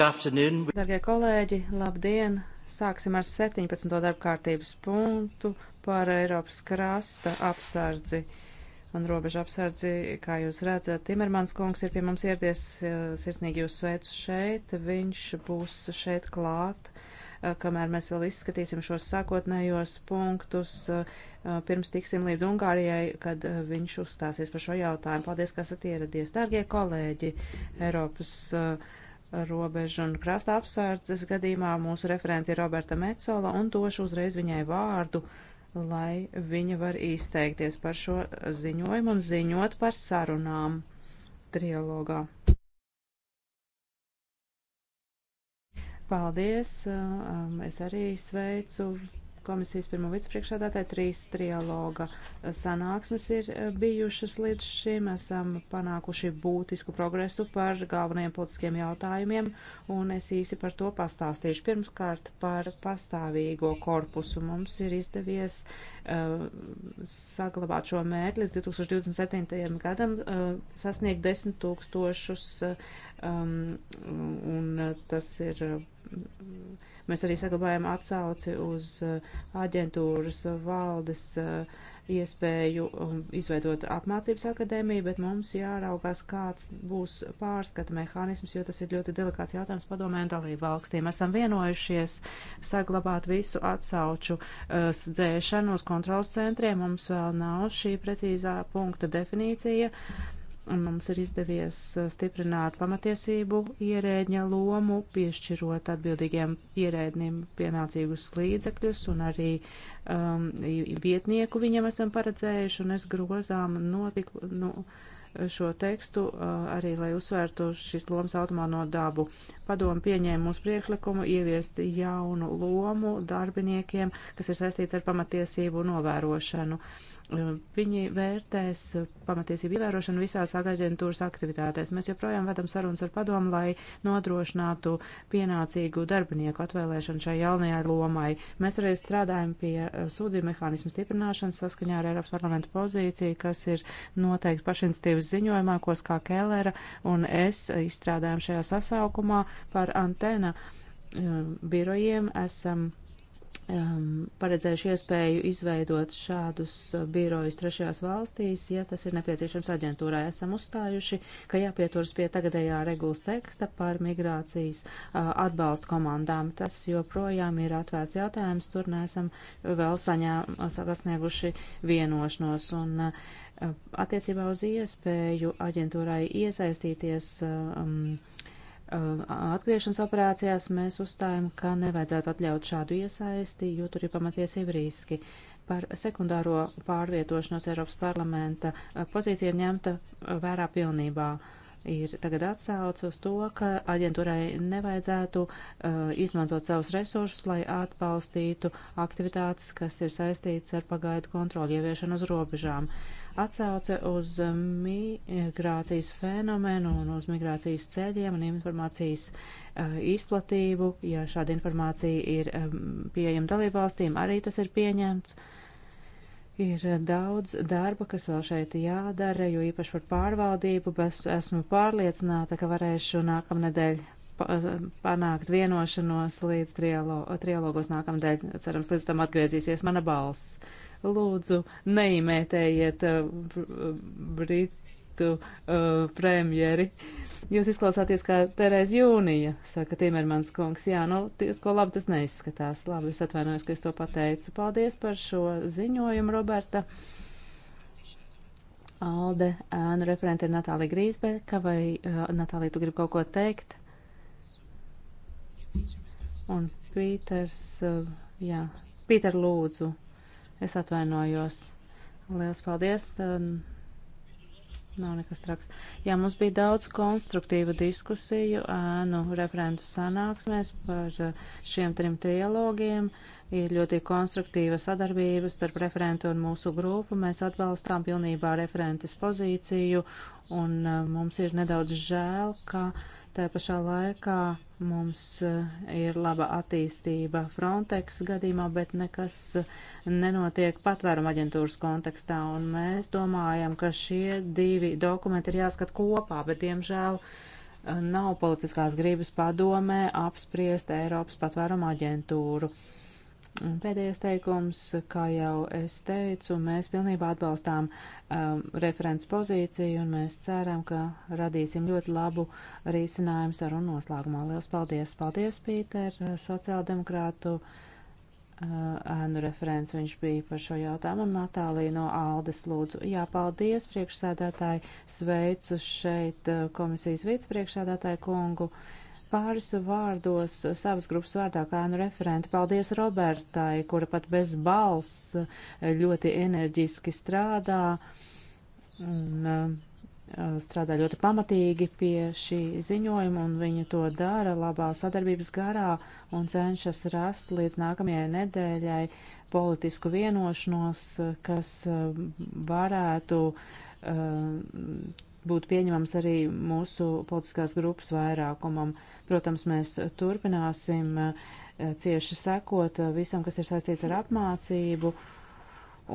Darbie kolēģi, labdien! Sāksim ar 17. darbkārtības punktu par Eiropas krasta apsardzi un robežu apsardzi. Kā jūs redzat, Timermans kungs ir pie mums ieradies, eh, sirsnīgi jūs sveicu šeit. Viņš būs šeit klāt, eh, kamēr mēs vēl izskatīsim šos sākotnējos punktus, eh, pirms tiksim līdz Ungārijai, kad viņš uzstāsies par šo jautājumu. Paldies, ka esat ieradies. Darbie kolēģi, Eiropas. Uh, robežu un krasta apsardzes gadījumā mūsu referenti ir Roberta Metzola un došu uzreiz viņai vārdu, lai viņa var izteikties par šo ziņojumu un ziņot par sarunām trialogā. Paldies! Um, es arī sveicu komisijas pirmo vicepriekšādātāju trīs trialoga sanāksmes ir eh, bijušas līdz šim. Esam panākuši būtisku progresu par galvenajiem politiskiem jautājumiem, un es īsi par to pastāstīšu. Pirmkārt, par pastāvīgo korpusu mums ir izdevies uh, saglabāt šo mērķi līdz 2027. gadam, uh, sasniegt 10 tūkstošus, um, un tas ir. Uh, Mēs arī saglabājam atsauci uz uh, aģentūras valdes uh, iespēju um, izveidot apmācības akadēmiju, bet mums jāraugās, kāds būs pārskata mehānisms, jo tas ir ļoti delikāts jautājums padomē un dalību valstīm. Esam vienojušies saglabāt visu atsauču uh, dzēšanu uz kontrolas centriem. Mums vēl nav šī precīzā punkta definīcija. Uh, un mums ir izdevies uh, stiprināt pamatiesību ierēģa lomu, piešķirot atbildīgiem ierēdnim pienācīgus līdzekļus, un arī um, vietnieku viņam esam paredzējuši, un es grozām notiku, nu, šo tekstu arī, lai uzsvērtu šīs lomas automāno dabu. Padomu pieņēma mūsu priekšlikumu ieviest jaunu lomu darbiniekiem, kas ir saistīts ar pamatiesību novērošanu. Viņi vērtēs pamatiesību ievērošanu visās aģentūras aktivitātēs. Mēs joprojām vedam sarunas ar padomu, lai nodrošinātu pienācīgu darbinieku atvēlēšanu šai jaunajai lomai. Mēs arī strādājam pie sūdzību mehānismu stiprināšanas saskaņā ar Eiropas parlamentu pozīciju, kas ir noteikti pašinstīvas iniciatīvas ziņojumā, ko Skā Kēlera un es izstrādājam šajā sasaukumā par antena um, birojiem. Esam um, paredzējuši iespēju izveidot šādus uh, birojus trešajās valstīs, ja tas ir nepieciešams aģentūrai. Esam uzstājuši, ka jāpieturas pie tagadējā regulas teksta par migrācijas uh, atbalstu komandām. Tas joprojām ir atvērts jautājums, tur neesam vēl saņēm, sasnieguši vienošanos. Un, uh, Attiecībā uz iespēju aģentūrai iesaistīties um, atgriešanas operācijās mēs uzstājam, ka nevajadzētu atļaut šādu iesaisti, jo tur ir pamatiesība riski. Par sekundāro pārvietošanos Eiropas parlamenta pozīcija ir ņemta vērā pilnībā. Ir tagad atsauce uz to, ka aģentūrai nevajadzētu uh, izmantot savus resursus, lai atbalstītu aktivitātes, kas ir saistītas ar pagaidu kontroli ieviešanu uz robežām. Uh, atsauce uz migrācijas fenomenu un uz migrācijas ceļiem un informācijas uh, izplatību. Ja šāda informācija ir um, pieejama dalībvalstīm, arī tas ir pieņemts. Ir daudz darba, kas vēl šeit jādara, jo īpaši par pārvaldību, bet esmu pārliecināta, ka varēšu nākamnedēļ panākt vienošanos līdz trialo, trialogos nākamdēļ. Cerams, līdz tam atgriezīsies mana balss. Lūdzu, neimētējiet eh, eh, Britu uh, premjeri. Jūs izklausāties kā Terēz Jūnija, saka Timermans kungs. Jā, nu, tiesko labi tas neizskatās. Labi, es atvainojos, ka es to pateicu. Paldies par šo ziņojumu, Roberta. Alde, ēnu referente ir Natālija Grīsbeka, vai uh, Natālija, tu gribi kaut ko teikt? Un Pīters, uh, jā, Pīter lūdzu. Es atvainojos. Liels paldies. Nav nekas traks. Jā, mums bija daudz konstruktīvu diskusiju ēnu referentu sanāksmēs par eh, šiem trim trilogiem. Ir ļoti konstruktīva sadarbība starp referentu un mūsu grupu. Mēs atbalstām pilnībā referentes pozīciju un eh, mums ir nedaudz žēl, ka. Uh, Tā pašā laikā mums eh, ir laba attīstība Frontex gadījumā, bet nekas eh, nenotiek patvēruma aģentūras kontekstā. Un mēs domājam, ka šie divi dokumenti ir jāskat kopā, bet diemžēl eh, nav politiskās gribas padomē apspriest Eiropas patvēruma aģentūru. Uh, Mm. Pēdējais teikums, kā jau es teicu, mēs pilnībā atbalstām um, referents pozīciju un mēs ceram, ka radīsim ļoti labu risinājumu sarunu noslēgumā. Lielas paldies! Paldies, Pīter, sociāldemokrātu uh, ēnu uh, referents viņš bija par šo jautājumu. Un Natālija no Aldes lūdzu. Jā, paldies, priekšsēdētāji. Sveicu šeit uh, komisijas vicepriekšsēdētāju kungu. Uh, Pāris vārdos savas grupas vārdā kā nu referenti. Paldies Robertai, kura pat bez balss eh, ļoti enerģiski strādā un eh, eh, strādā ļoti pamatīgi pie šī ziņojuma, un viņa to dara labā sadarbības garā un cenšas rast līdz nākamajai nedēļai politisku vienošanos, kas varētu uh, būtu pieņemams arī mūsu politiskās grupas vairākumam. Protams, mēs turpināsim eh, cieši sekot eh, visam, kas ir saistīts ar apmācību,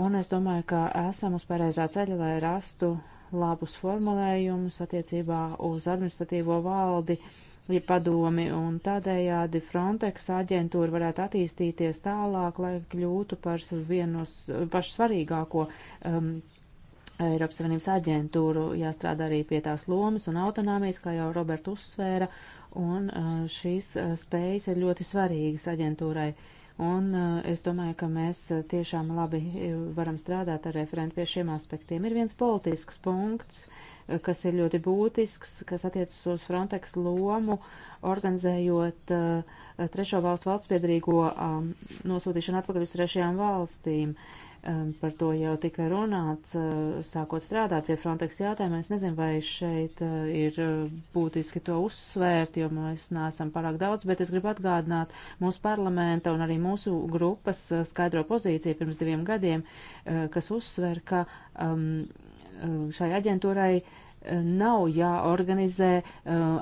un es domāju, ka esam uz pareizā ceļa, lai rastu labus formulējumus attiecībā uz administratīvo valdi, ja padomi, un tādējādi Frontex aģentūra varētu attīstīties tālāk, lai kļūtu par vienos pašu svarīgāko um, Eiropas Savienības aģentūru jāstrādā arī pie tās lomas un autonomijas, kā jau Roberta uzsvēra, un uh, šīs uh, spējas ir ļoti svarīgas aģentūrai. Un uh, es domāju, ka mēs tiešām labi varam strādāt ar referentu pie šiem aspektiem. Ir viens politisks punkts, kas ir ļoti būtisks, kas attiecas uz Frontex lomu, organizējot trešo valstu valstspiedrīgo um, nosūtīšanu atpakaļ uz trešajām valstīm. Uh, Par to jau tika runāts, eh, sākot strādāt pie Frontex jautājumā. Es nezinu, vai šeit eh, ir eh, būtiski to uzsvērt, jo mēs neesam pārāk daudz, bet es gribu atgādināt mūsu parlamenta un arī mūsu grupas skaidro pozīciju pirms diviem gadiem, kas uzsver, ka šai aģentūrai nav jāorganizē uh,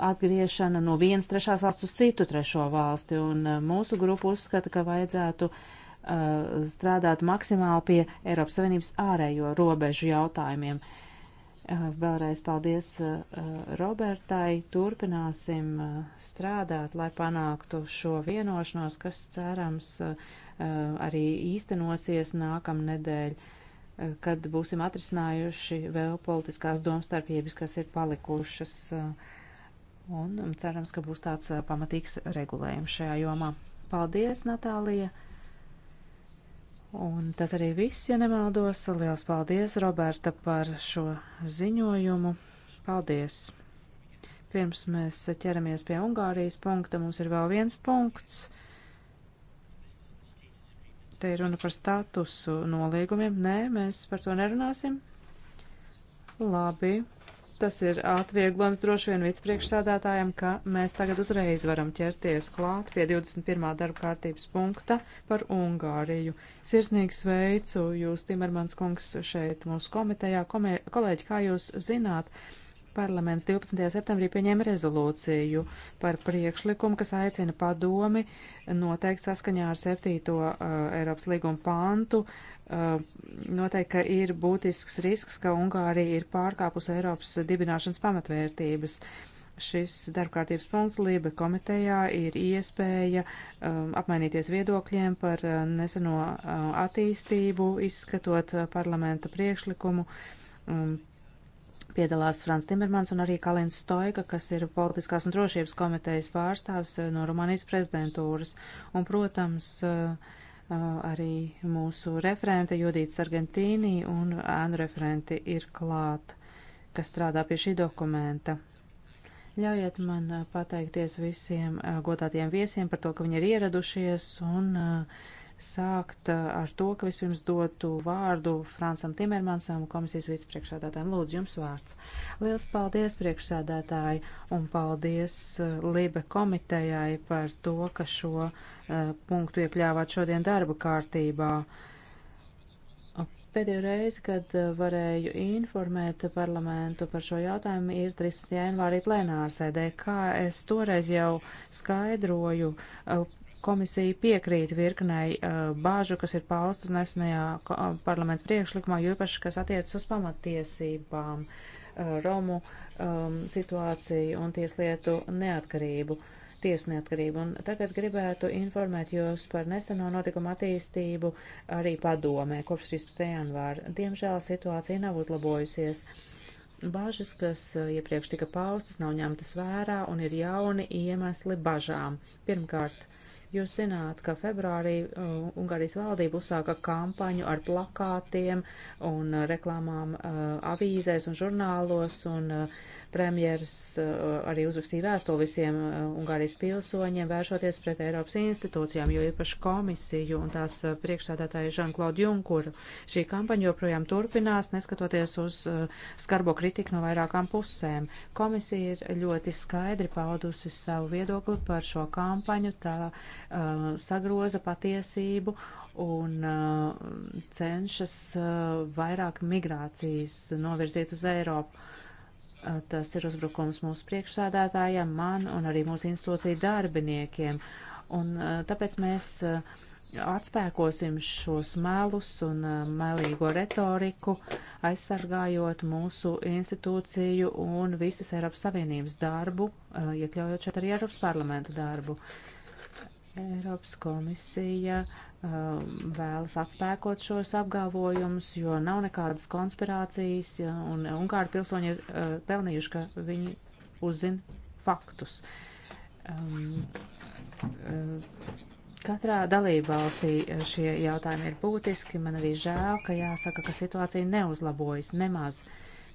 atgriešana no vienas trešās valsts uz citu trešo valsti, un uh, mūsu grupa uzskata, ka vajadzētu uh, Uh, strādāt maksimāli pie Eiropas Savienības ārējo robežu jautājumiem. Uh, vēlreiz paldies uh, Robertai. Turpināsim strādāt, lai panāktu šo vienošanos, kas cerams arī īstenosies nākamnedēļ, kad būsim atrisinājuši vēl politiskās domstarpības, kas ir palikušas. Un cerams, ka būs tāds pamatīgs regulējums šajā jomā. Paldies, Natālija! Un tas arī viss, ja nemaldos. Liels paldies, Roberta, par šo ziņojumu. Paldies! Pirms mēs ķeramies pie Ungārijas punkta, mums ir vēl viens punkts. Te ir runa par statusu nolīgumiem. Nē, mēs par to nerunāsim. Labi, Tas ir atvieglojums droši vien vicepriekšsādātājiem, ka mēs tagad uzreiz varam ķerties klāt pie 21. darba kārtības punkta par Ungāriju. Sirsnīgi sveicu jūs, Timermans kungs, šeit mūsu komitejā. Komē, kolēģi, kā jūs zināt, parlaments 12. septembrī pieņēma rezolūciju par priekšlikumu, kas aicina padomi noteikt saskaņā ar 7. Uh, Eiropas līguma pantu uh, noteikti, ka ir būtisks risks, ka Ungārija ir pārkāpus Eiropas dibināšanas pamatvērtības. Šis darbkārtības punkts Lība komitejā ir iespēja um, apmainīties viedokļiem par uh, neseno uh, attīstību, izskatot uh, parlamenta priekšlikumu. Um, piedalās Frans Timermans un arī Kalins Stoika, kas ir politiskās un drošības komitejas pārstāvs uh, no Rumānijas prezidentūras. Un, protams, uh, arī mūsu referente Judīts Argentīnī un ēnu referenti ir klāt, kas strādā pie šī dokumenta. Ļaujiet man pateikties visiem godātiem viesiem par to, ka viņi ir ieradušies un uh, sākt eh, ar to, ka vispirms dotu vārdu Francam Timermansam, komisijas vicepriekšsādātājiem. Lūdzu, jums vārds. Liels paldies priekšsādātāji un paldies eh, Libe komitejai par to, ka šo eh, punktu iekļāvāt šodien darba kārtībā. Pēdējo reizi, kad varēju informēt parlamentu par šo jautājumu, ir 13. janvārī plenārsēdē. Kā es toreiz jau skaidroju, Komisija piekrīt virknei uh, bāžu, kas ir paustas nesenajā uh, parlamenta priekšlikumā, jo īpaši, kas attiecas uz pamatiesībām, uh, Romu um, situāciju un tieslietu neatkarību tiesu neatkarību. Un tagad gribētu informēt jūs par neseno notikumu attīstību arī padomē kopš 13. janvāra. Diemžēl situācija nav uzlabojusies. Bažas, kas iepriekš tika paustas, nav ņemtas vērā un ir jauni iemesli bažām. Pirmkārt, Jūs zināt, ka februārī uh, Ungārijas valdība uzsāka kampaņu ar plakātiem un uh, reklāmām uh, avīzēs un žurnālos un uh, Premjeras eh, arī uzrakstīja vēstuli visiem eh, Ungārijas pilsoņiem, vēršoties pret Eiropas institūcijām, jo īpaši komisiju un tās eh, priekšstādātāju Žanklodu Junkuru. Šī kampaņa joprojām turpinās, neskatoties uz skarbo kritiku no vairākām pusēm. Komisija ir ļoti skaidri paudusi savu viedokli par šo kampaņu, tā uh, sagroza patiesību un uh, cenšas uh, vairāk migrācijas novirzīt uz Eiropu. Uh, Tas ir uzbrukums mūsu priekšsādātājiem, man un arī mūsu institūciju darbiniekiem. Un tāpēc mēs atspēkosim šos melus un melīgo retoriku, aizsargājot mūsu institūciju un visas Eiropas Savienības darbu, iekļaujot šeit arī Eiropas parlamenta darbu. Eiropas komisija Um, vēlas atspēkot šos apgalvojumus, jo nav nekādas konspirācijas, un Ungāru pilsoņi ir uh, pelnījuši, ka viņi uzzina faktus. Um, uh, katrā dalībvalstī uh, šie jautājumi ir būtiski. Man arī žēl, ka jāsaka, ka situācija neuzlabojas nemaz.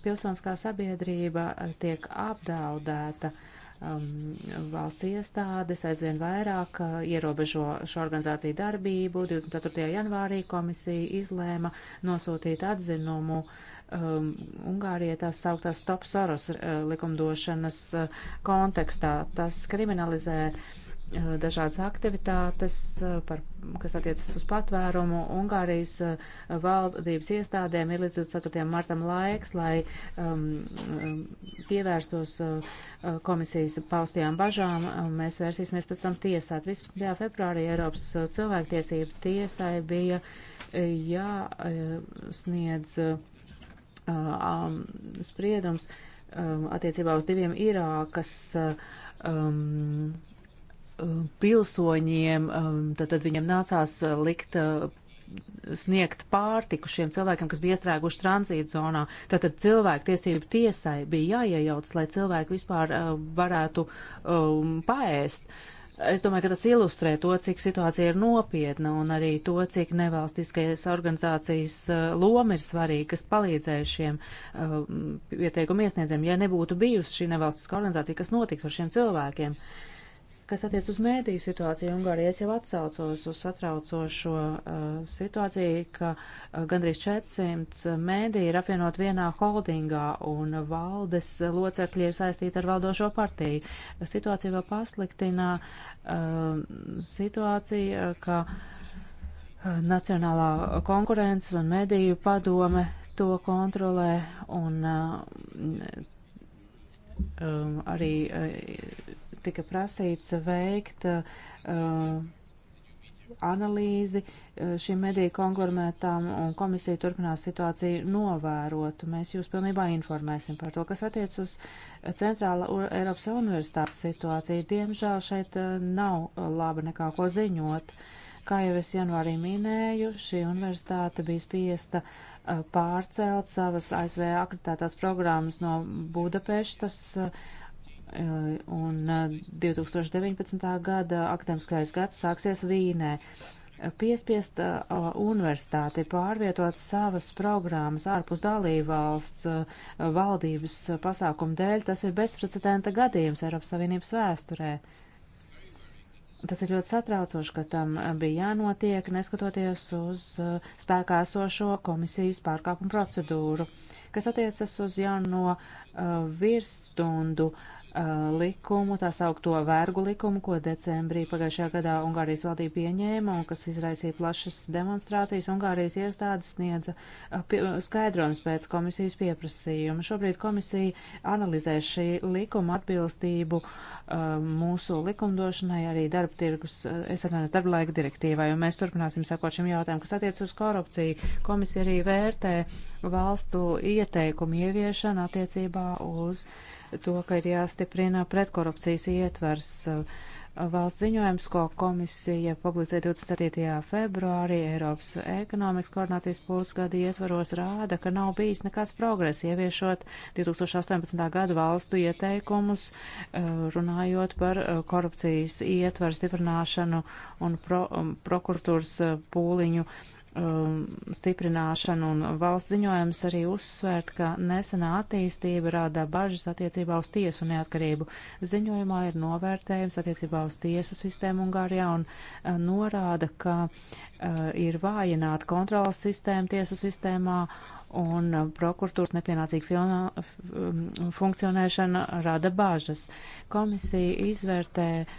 Pilsoniskā sabiedrība uh, tiek apdaudēta. Uh, um, valsts iestādes aizvien vairāk uh, ierobežo šo organizāciju darbību. 24. janvārī komisija izlēma nosūtīt atzinumu um, Ungārijai tās sauktās Stop Soros uh, likumdošanas uh, kontekstā. Tas kriminalizē uh, Eh, dažādas aktivitātes, eh, par, kas attiecas uz patvērumu. Ungārijas eh, valdības iestādēm ir līdz 24. martam laiks, lai um, um pievērstos uh, komisijas paustajām bažām. Mēs vērsīsimies pēc tam tiesā. 13. februārī Eiropas cilvēktiesība tiesai bija jāsniedz uh, um, spriedums um, attiecībā uz diviem Irākas um, pilsoņiem, um, tad, tad viņam nācās uh, likt uh, sniegt pārtiku šiem cilvēkiem, kas bija iestrēguši tranzīta zonā. Tātad cilvēktiesību tiesai bija jāiejauc, lai cilvēki vispār uh, varētu um, paēst. Es domāju, ka tas ilustrē to, cik situācija ir nopietna un arī to, cik nevalstiskais organizācijas uh, loma ir svarīga, kas palīdzēja šiem uh, ieteikumu iesniedzējiem. Ja nebūtu bijusi šī nevalstiskā organizācija, kas notiktu ar šiem cilvēkiem? Uh, Kas attiec uz mēdīju situāciju Ungārijā, es jau atsaucos uz satraucošo uh, situāciju, ka uh, gandrīz 400 mēdīji ir apvienot vienā holdingā un valdes locekļi ir saistīti ar valdošo partiju. Situācija vēl pasliktina uh, situācija, ka uh, Nacionālā konkurences un mediju padome to kontrolē un uh, um, arī uh, tika prasīts veikt uh, analīzi uh, šīm mediju konglomerētām, un komisija turpinās situāciju novērot. Mēs jūs pilnībā informēsim par to, kas attiec uz Centrāla Eiropas Universitātes situāciju. Diemžēl šeit uh, nav uh, laba nekā ko ziņot. Kā jau es janvārī minēju, šī universitāte bija spiesta pārcelt savas ASV akreditētās programmas no Budapeštas Eh, un 2019. Eh, gada akademiskais gads sāksies Vīnē. Eh, piespiest universitāti pārvietot savas programmas ārpus dalībvalsts valdības pasākumu dēļ, tas ir bezprecedenta gadījums Eiropas Savienības vēsturē. Tas ir ļoti satraucoši, ka tam bija jānotiek, neskatoties uz spēkā esošo komisijas pārkāpumu procedūru, kas attiecas uz jauno uh, virsstundu uh, Uh, likumu, tā saukto vērgu likumu, ko decembrī pagājušajā gadā Ungārijas valdība pieņēma un kas izraisīja plašas demonstrācijas. Ungārijas iestādes sniedza uh, skaidrojums pēc komisijas pieprasījuma. Šobrīd komisija analizē šī likuma atbilstību uh, mūsu likumdošanai, arī darba tirgus, es atvainojos, darba laika direktīvai, un mēs turpināsim sekot šim jautājumam, kas attiec uz korupciju. Komisija arī vērtē valstu ieteikumu ieviešanu attiecībā uz uh, to, ka ir jāstiprina pretkorupcijas ietvers. Valsts ziņojums, ko komisija publicēja 24. februārī Eiropas ekonomikas koordinācijas pusgada ietvaros, rāda, ka nav bijis nekāds progress ieviešot 2018. gada valstu ieteikumus, eh, runājot par eh, korupcijas ietvaru stiprināšanu un pro, um, prokuratūras eh, pūliņu Um, stiprināšanu un valsts ziņojums arī uzsvērt, ka nesenā attīstība rādā bažas attiecībā uz tiesu neatkarību. Ziņojumā ir novērtējums attiecībā uz tiesu sistēmu Ungārijā un uh, norāda, ka uh, ir vājināta kontrolas sistēma tiesu sistēmā un uh, prokuratūras nepienācīga um, funkcionēšana rada bažas. Komisija izvērtē uh,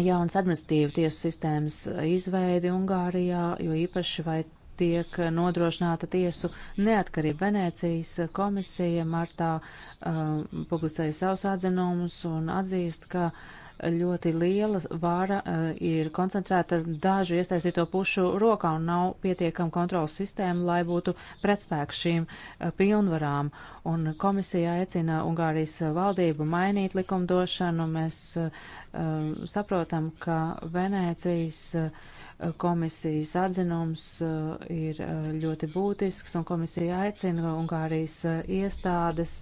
jaunas administratīvu tiesu sistēmas izveidi Ungārijā, jo īpaši vai tiek nodrošināta tiesu neatkarība. Venēcijas komisija martā uh, publicēja savus atzinumus un atzīst, ka uh, ļoti liela vāra eh, ir koncentrēta dažu iesaistīto pušu rokā un nav pietiekama kontrolas sistēma, lai būtu pretspēks šīm eh, pilnvarām. Un komisija aicina Ungārijas valdību mainīt likumdošanu. Mēs eh, saprotam, ka Venēcijas komisijas atzinums uh, ir uh, ļoti būtisks, un komisija aicina Ungārijas uh, iestādes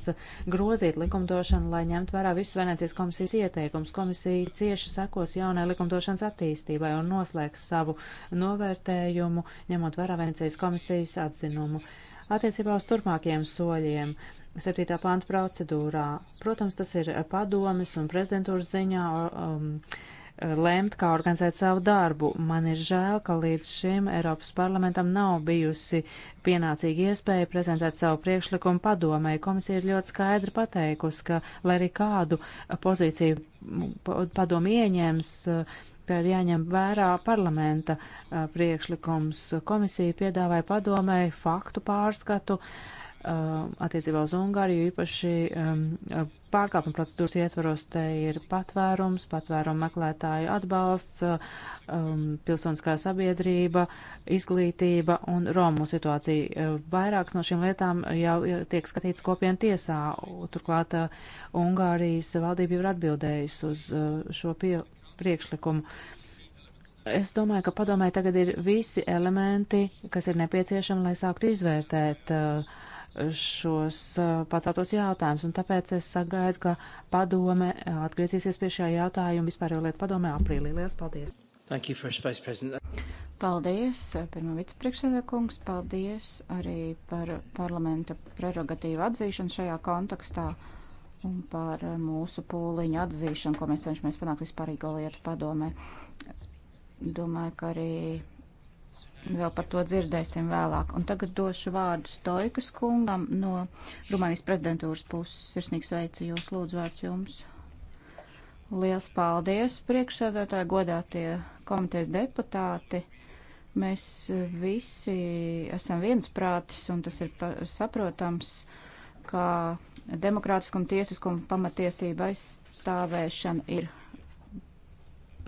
grozīt likumdošanu, lai ņemt vērā visus Venecijas komisijas ieteikums. Komisija cieši sekos jaunai likumdošanas attīstībai un noslēgs savu novērtējumu, ņemot vērā Venecijas komisijas atzinumu. Attiecībā uz turpmākajiem soļiem. 7. pānta procedūrā. Protams, tas ir padomes un prezidentūras ziņā. Um, lemt, kā organizēt savu darbu. Man ir žēl, ka līdz šim Eiropas parlamentam nav bijusi pienācīga iespēja prezentēt savu priekšlikumu padomē. Komisija ir ļoti skaidri pateikusi, ka, lai arī kādu pozīciju padomu ieņems, tā ir jāņem vērā parlamenta priekšlikums. Komisija piedāvāja padomē faktu pārskatu. Uh, Uh, attiecībā uz Ungāriju, īpaši um, pārkāpuma procedūras ietvaros te ir patvērums, patvērumu meklētāju atbalsts, uh, um, pilsoniskā sabiedrība, izglītība un Romu situācija. Uh, vairākas no šīm lietām jau tiek skatīts kopien tiesā. Turklāt uh, Ungārijas valdība jau ir atbildējusi uz uh, šo pie, priekšlikumu. Es domāju, ka padomē tagad ir visi elementi, kas ir nepieciešami, lai sāktu izvērtēt uh, šos paceltos jautājumus, un tāpēc es sagaidu, ka padome atgriezīsies pie šā jautājuma vispārējo lietu padomē aprīlī. Lielas paldies! You, paldies, pirmā vicepriekšsēdē kungs, paldies arī par parlamenta prerogatīvu atzīšanu šajā kontekstā un par mūsu pūliņu atzīšanu, ko mēs cenšamies panākt vispārīgo lietu padomē. Domāju, ka arī Vēl par to dzirdēsim vēlāk. Un tagad došu vārdu Stoikas kungam no Rumānijas prezidentūras puses. Sirsnīgi sveicu jūs, lūdzu, vārds jums. Liels paldies, priekšsēdētāji, godātie komitejas deputāti. Mēs visi esam viensprātis, un tas ir saprotams, ka demokrātiskuma tiesiskuma pamatiesība aizstāvēšana ir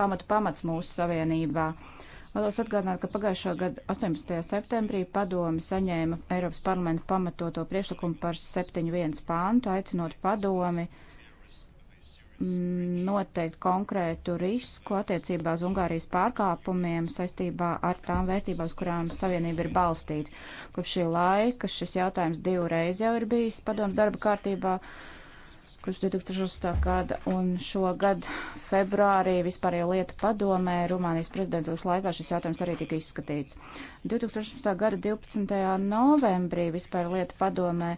pamatu pamats mūsu savienībā. Uh, Vēlos atgādināt, ka pagājušā gada 18. septembrī padomi saņēma Eiropas parlamenta pamatoto priešlikumu par 7.1 pāntu, aicinot padomi mm, noteikt konkrētu risku attiecībā uz Ungārijas pārkāpumiem saistībā ar tām vērtībām, uz kurām Savienība ir balstīta. Kopš šī laika šis jautājums divreiz jau ir bijis padoms darba kārtībā, kurš 2008. gada un šogad februārī vispārējo lietu padomē Rumānijas prezidentūras laikā šis jautājums arī tika izskatīts. 2018. gada 12. novembrī vispārējo lietu padomē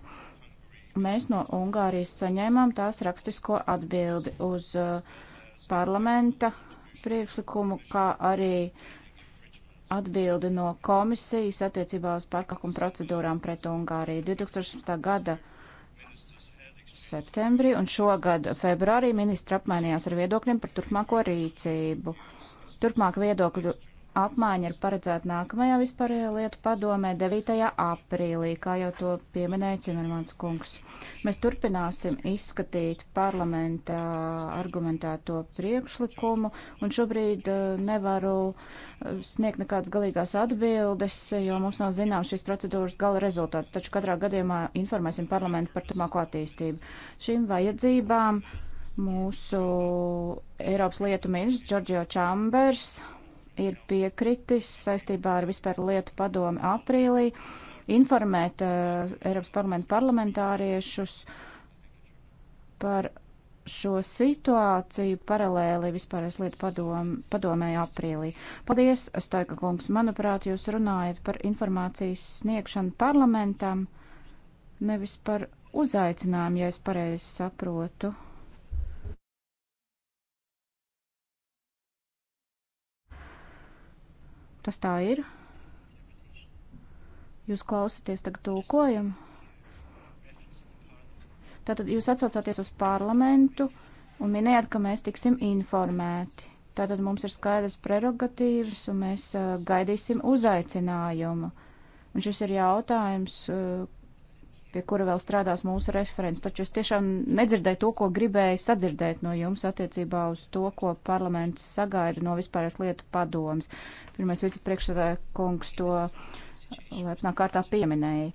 mēs no Ungārijas saņēmām tās rakstisko atbildi uz uh, parlamenta priekšlikumu, kā arī atbildi no komisijas attiecībā uz pārkāpumu procedūrām pret Ungāriju. 2018. gada 12 septembrī, un šogad februārī ministra apmainījās ar viedokļiem par turpmāko rīcību. Turpmāk viedokļu apmaiņa ir paredzēta nākamajā vispārējā lietu padomē 9. aprīlī, kā jau to pieminēja Cimermans kungs. Mēs turpināsim izskatīt parlamentā argumentēto priekšlikumu, un šobrīd eh, nevaru eh, sniegt nekādas galīgās atbildes, jo mums nav zināms šīs procedūras gala rezultāts, taču katrā gadījumā informēsim parlamentu par turpmāko attīstību. Šīm vajadzībām mūsu Eiropas lietu ministrs Džordžio Čambers ir piekritis saistībā ar vispār lietu padomi aprīlī informēt uh, Eiropas parlamenta parlamentāriešus par šo situāciju paralēli vispārējais lietu padom, padomēja aprīlī. Paldies, Stoika kungs. Manuprāt, jūs runājat par informācijas sniegšanu parlamentam, nevis par uzaicinājumu, ja es pareizi saprotu. Tas tā ir. Jūs klausāties tagad tūkojumu. Tātad jūs atsaucāties uz parlamentu un minējāt, ka mēs tiksim informēti. Tātad mums ir skaidrs prerogatīvas un mēs uh, gaidīsim uzaicinājumu. Un šis ir jautājums, uh, pie kura vēl strādās mūsu referents, taču es tiešām nedzirdēju to, ko gribēju sadzirdēt no jums attiecībā uz to, ko parlaments sagaida no vispārējās lietu padomas. Pirmais vicepriekšsēdē kungs to lepnā kārtā pieminēja.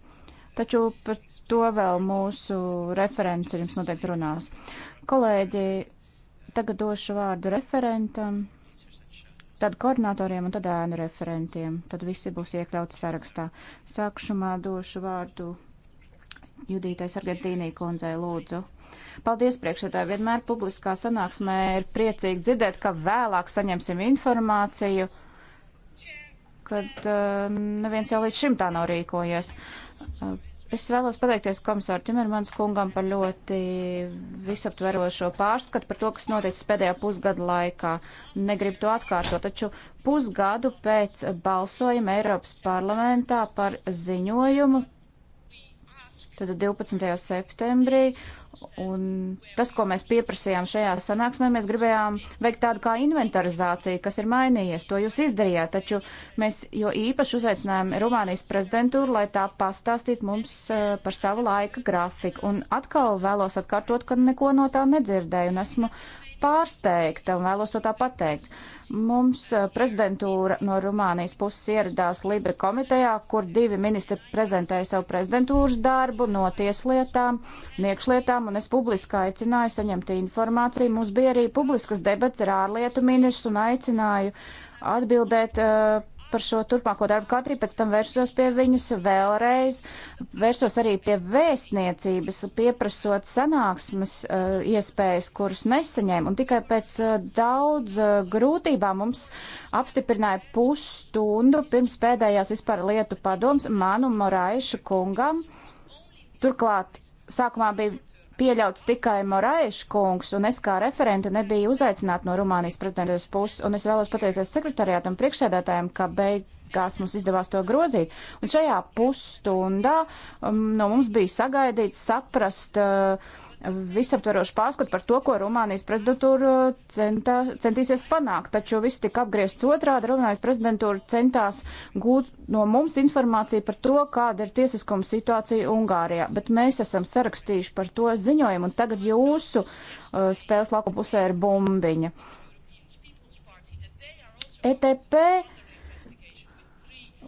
Taču par to vēl mūsu referents jums noteikti runās. Kolēģi, tagad došu vārdu referentam, tad koordinatoriem un tad ēnu referentiem. Tad visi būs iekļauts sarakstā. Sākšumā došu vārdu Judītais Argentīnī kundzei lūdzu. Paldies priekšētāji, vienmēr publiskā sanāksmē ir priecīgi dzirdēt, ka vēlāk saņemsim informāciju, kad uh, neviens jau līdz šim tā nav rīkojies. Uh, es vēlos pateikties komisāru Timermans kungam par ļoti visaptverošo pārskatu par to, kas noticis pēdējā pusgada laikā. Negribu to atkārtot, taču pusgadu pēc balsojuma Eiropas parlamentā par ziņojumu tātad 12. septembrī. Un tas, ko mēs pieprasījām šajā sanāksmē, mēs gribējām veikt tādu kā inventarizāciju, kas ir mainījies. To jūs izdarījāt, taču mēs jo īpaši uzaicinājām Rumānijas prezidentūru, lai tā pastāstītu mums eh, par savu laika grafiku. Un atkal vēlos atkārtot, ka neko no tā nedzirdēju un esmu pārsteigta un vēlos to tā pateikt. Mums eh, prezidentūra no Rumānijas puses ieradās Libre komitejā, kur divi ministri prezentēja savu prezidentūras darbu no tieslietām un iekšlietām, un es publiski aicināju saņemt informāciju. Mums bija arī publiskas debats ar ārlietu ministru un aicināju atbildēt uh, par šo turpmāko darbu kārtību, pēc tam vērsos pie viņus vēlreiz, vērsos arī pie vēstniecības, pieprasot sanāksmes uh, iespējas, kuras nesaņēmu, un tikai pēc uh, daudz uh, grūtībām mums apstiprināja pusstundu pirms pēdējās vispār lietu padoms manu Moraišu kungam. Turklāt sākumā bija pieļauts tikai Moraiša kungs, un es kā referente nebiju uzaicināta no Rumānijas prezidentūras puses, un es vēlos pateikties sekretariātam priekšsēdētājiem, ka beigās mums izdevās to grozīt. Un šajā pusstundā um, no mums bija sagaidīts saprast, uh, visaptverošu pārskatu par to, ko Rumānijas prezidentūra centā, centīsies panākt. Taču viss tika apgriezts otrādi. Rumānijas prezidentūra centās gūt no mums informāciju par to, kāda ir tiesiskuma situācija Ungārijā. Bet mēs esam sarakstījuši par to ziņojumu, un tagad jūsu uh, spēles laukuma pusē ir bumbiņa. ETP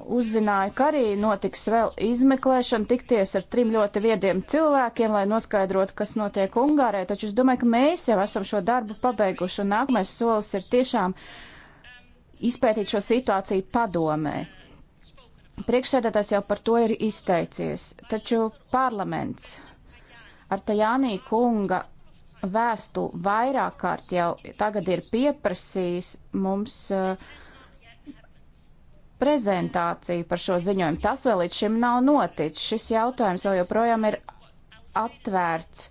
uzzināju, ka arī notiks vēl izmeklēšana, tikties ar trim ļoti viediem cilvēkiem, lai noskaidrotu, kas notiek Ungārē. Taču es domāju, ka mēs jau esam šo darbu pabeiguši, un nākamais solis ir tiešām izpētīt šo situāciju padomē. Priekšsēdētājs jau par to ir izteicies, taču parlaments ar Tajānī kunga vēstuli vairāk kārt jau tagad ir pieprasījis mums uh, prezentāciju par šo ziņojumu. Tas vēl līdz šim nav noticis. Šis jautājums vēl joprojām ir atvērts.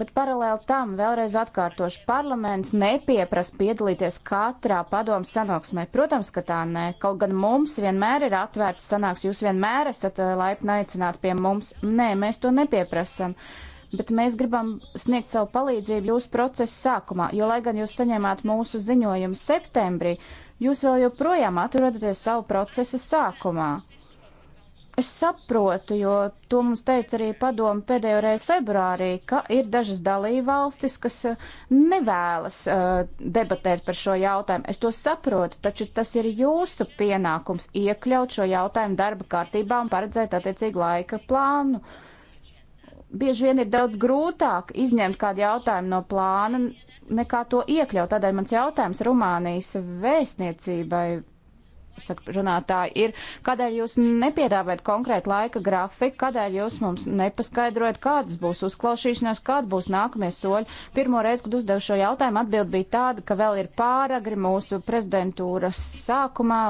Bet paralēli tam vēlreiz atkārtošu, parlaments nepieprasa piedalīties katrā padomas sanāksmē. Protams, ka tā nē. Kaut gan mums vienmēr ir atvērta sanāks, jūs vienmēr esat eh, laipni aicināti pie mums. Nē, mēs to nepieprasam bet mēs gribam sniegt savu palīdzību jūsu procesa sākumā, jo, lai gan jūs saņēmāt mūsu ziņojumu septembrī, Jūs vēl joprojām atrodaties savu procesa sākumā. Es saprotu, jo to mums teica arī padomu pēdējo reizi februārī, ka ir dažas dalībvalstis, kas uh, nevēlas uh, debatēt par šo jautājumu. Es to saprotu, taču tas ir jūsu pienākums iekļaut šo jautājumu darba kārtībā un paredzēt attiecīgu laika plānu. Bieži vien ir daudz grūtāk izņemt kādu jautājumu no plāna nekā to iekļaut. Tādēļ mans jautājums Rumānijas vēstniecībai saka runātāji, ir, kādēļ jūs nepiedāvājat konkrētu laika grafiku, kādēļ jūs mums nepaskaidrojat, kādas būs uzklausīšanās, kāda būs nākamie soļi. Pirmo reizi, kad uzdevu šo jautājumu, atbild bija tāda, ka vēl ir pāragri mūsu prezidentūras sākumā,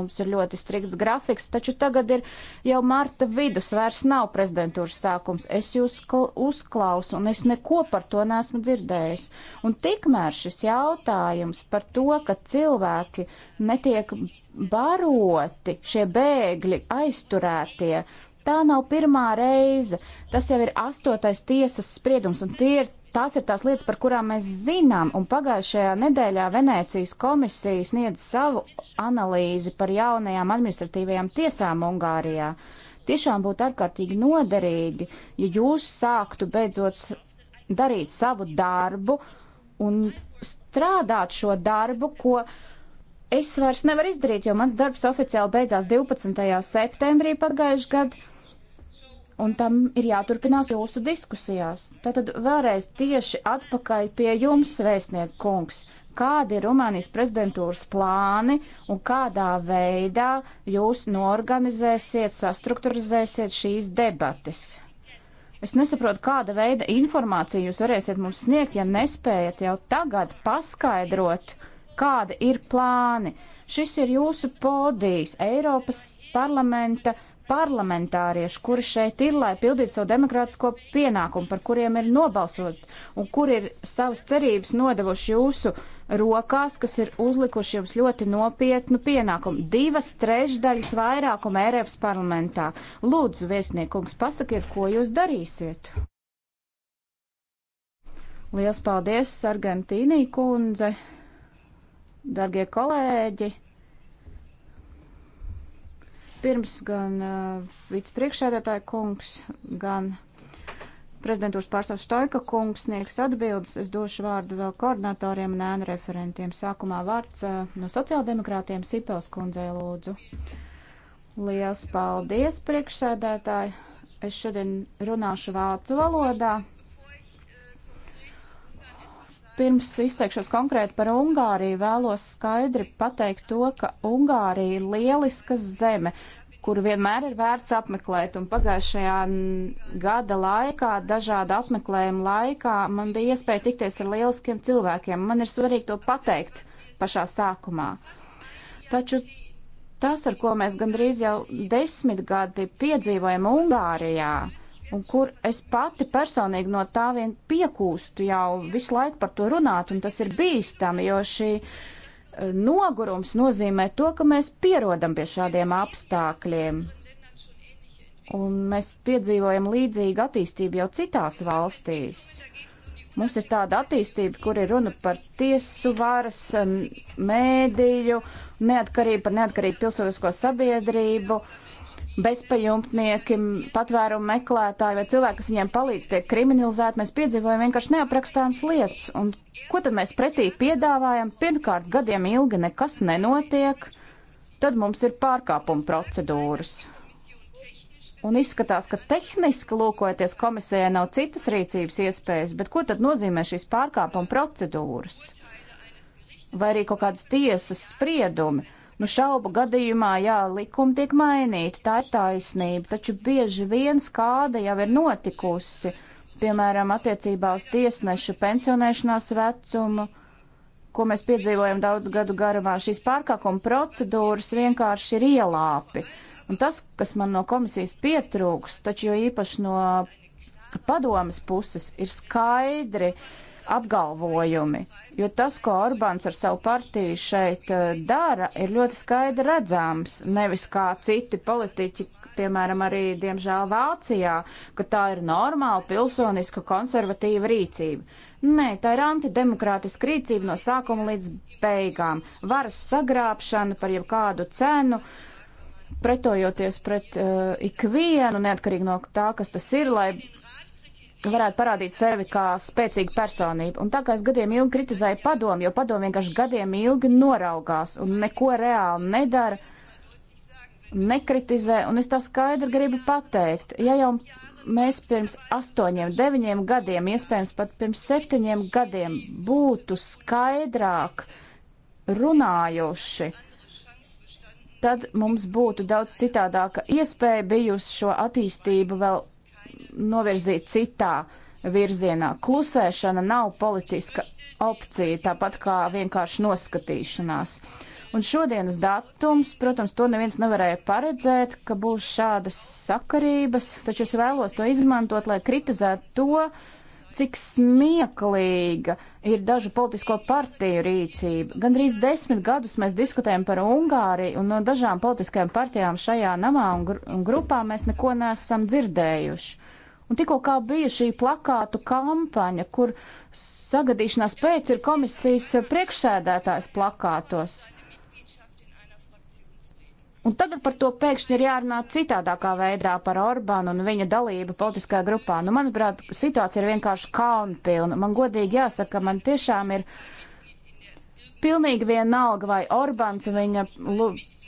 mums ir ļoti strikts grafiks, taču tagad ir jau marta vidus, vairs nav prezidentūras sākums. Es jūs uzklausu un es neko par to neesmu dzirdējis. Un tikmēr šis jautājums par to, ka cilvēki netiek baroti, šie bēgļi, aizturētie. Tā nav pirmā reize. Tas jau ir astotais tiesas spriedums, un tie ir, tās ir tās lietas, par kurām mēs zinām. Un pagājušajā nedēļā Venēcijas komisija sniedz savu analīzi par jaunajām administratīvajām tiesām Ungārijā. Tiešām būtu ārkārtīgi noderīgi, ja jūs sāktu beidzot darīt savu darbu un strādāt šo darbu, ko es vairs nevaru izdarīt, jo mans darbs oficiāli beidzās 12. septembrī pagājušajā gadā. Un tam ir jāturpinās jūsu diskusijās. Tātad vēlreiz tieši atpakaļ pie jums, vēstnieku kungs. Kādi ir Rumānijas prezidentūras plāni un kādā veidā jūs norganizēsiet, sastruktūrizēsiet šīs debates? Es nesaprotu, kāda veida informāciju jūs varēsiet mums sniegt, ja nespējat jau tagad paskaidrot, uh, kādi ir plāni. Šis ir jūsu podijs, Eiropas parlamenta parlamentārieši, kuri šeit ir, lai pildītu savu demokrātisko pienākumu, par kuriem ir nobalsot un kur ir savas cerības nodevuši jūsu rokās, kas ir uzlikuši jums ļoti nopietnu pienākumu. Divas trešdaļas vairākuma Eiropas parlamentā. Lūdzu, viesniekums, pasakiet, ko jūs darīsiet. Liels paldies, Sargentīnī kundze! Dargie kolēģi, pirms gan uh, vicepriekšēdētāja kungs, gan prezidentūras pārstāvs Stoika kungs sniegs atbildes. Es došu vārdu vēl koordinatoriem un ēnu referentiem. Sākumā vārds uh, no sociāldemokrātiem Sipels kundzei lūdzu. Liels paldies, priekšsēdētāji! Es šodien runāšu vācu valodā. Pirms izteikšos konkrēti par Ungāriju, vēlos skaidri pateikt to, ka Ungārija ir lieliska zeme, kuru vienmēr ir vērts apmeklēt. Un pagājušajā gada laikā, dažāda apmeklējuma laikā, man bija iespēja tikties ar lieliskiem cilvēkiem. Man ir svarīgi to pateikt pašā sākumā. Taču tas, ar ko mēs gandrīz jau desmit gadi piedzīvojam Ungārijā, un kur es pati personīgi no tā vien piekūstu jau visu laiku par to runāt, un tas ir bīstami, jo šī eh, nogurums nozīmē to, ka mēs pierodam pie šādiem apstākļiem. Un mēs piedzīvojam līdzīgu attīstību jau citās valstīs. Mums ir tāda attīstība, kur ir runa par tiesu varas, mēdīju, neatkarību, par neatkarību pilsonisko sabiedrību. Uh, bezpajumtnieki, patvērumu meklētāji vai cilvēki, kas viņiem palīdz, tiek kriminalizēti. Mēs piedzīvojam vienkārši neaprakstāmas lietas. Un ko tad mēs pretī piedāvājam? Pirmkārt, gadiem ilgi nekas nenotiek, tad mums ir pārkāpuma procedūras. Un izskatās, ka tehniski lūkojoties komisijai nav citas rīcības iespējas, bet ko tad nozīmē šīs pārkāpuma procedūras? Vai arī kaut kādas tiesas spriedumi? Nu, šaubu gadījumā, jā, likumi tiek mainīti, tā ir taisnība, taču bieži vien kāda jau ir notikusi, piemēram, attiecībā uz tiesnešu pensionēšanās vecumu, ko mēs piedzīvojam daudz gadu garumā. Šīs pārkāpuma procedūras vienkārši ir ielāpi. Un tas, kas man no komisijas pietrūks, taču jo īpaši no padomas puses, ir skaidri. Uh, apgalvojumi, jo tas, ko Orbāns ar savu partiju šeit eh, dara, ir ļoti skaidri redzams, nevis kā citi politiķi, piemēram, arī, diemžēl, Vācijā, ka tā ir normāla pilsoniska konservatīva rīcība. Nē, tā ir antidemokrātiska rīcība no sākuma līdz beigām. Varas sagrābšana par jebkādu cenu, pretojoties pret uh, ikvienu, neatkarīgi no tā, kas tas ir, lai varētu parādīt sevi kā spēcīgu personību. Un tā kā es gadiem ilgi kritizēju padomu, jo padomu vienkārši gadiem ilgi noraugās un neko reāli nedara, nekritizē, un es tā skaidri gribu pateikt, ja jau mēs pirms astoņiem, deviņiem gadiem, iespējams pat pirms septiņiem gadiem būtu skaidrāk runājuši, tad mums būtu daudz citādāka iespēja bijusi šo attīstību vēl novirzīt citā virzienā. Klusēšana nav politiska opcija, tāpat kā vienkārši noskatīšanās. Un šodienas datums, protams, to neviens nevarēja paredzēt, ka būs šādas sakarības, taču es vēlos to izmantot, lai kritizētu to, cik smieklīga ir dažu politisko partiju rīcība. Gan drīz desmit gadus mēs diskutējam par Ungāriju, un no dažām politiskajām partijām šajā namā un, gr un grupā mēs neko neesam dzirdējuši. Un tikko kā bija šī plakātu kampaņa, kur sagadīšanās pēc ir komisijas priekšsēdētājs plakātos. Un tagad par to pēkšņi ir jārunā citādākā veidā par Orbānu un viņa dalību politiskajā grupā. Nu, manuprāt, situācija ir vienkārši kaunpilna. Man godīgi jāsaka, man tiešām ir pilnīgi vienalga, vai Orbāns un viņa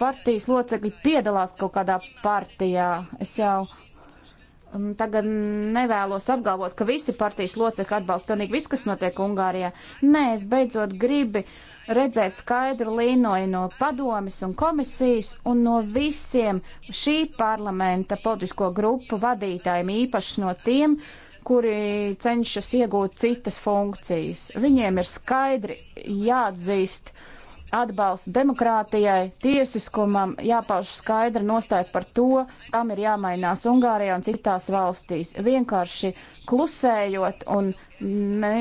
partijas locekļi piedalās kaut kādā partijā. Es jau tagad nevēlos apgalvot, ka visi partijas locekļi atbalsta pilnīgi viss, kas notiek Ungārijā. Nē, es beidzot gribu redzēt skaidru līnoju no padomis un komisijas un no visiem šī parlamenta politisko grupu vadītājiem, īpaši no tiem, kuri cenšas iegūt citas funkcijas. Viņiem ir skaidri jāatzīst, uh, atbalsts demokrātijai, tiesiskumam, jāpauž skaidra nostāja par to, kam ir jāmainās Ungārijā un citās valstīs. Vienkārši klusējot un ne,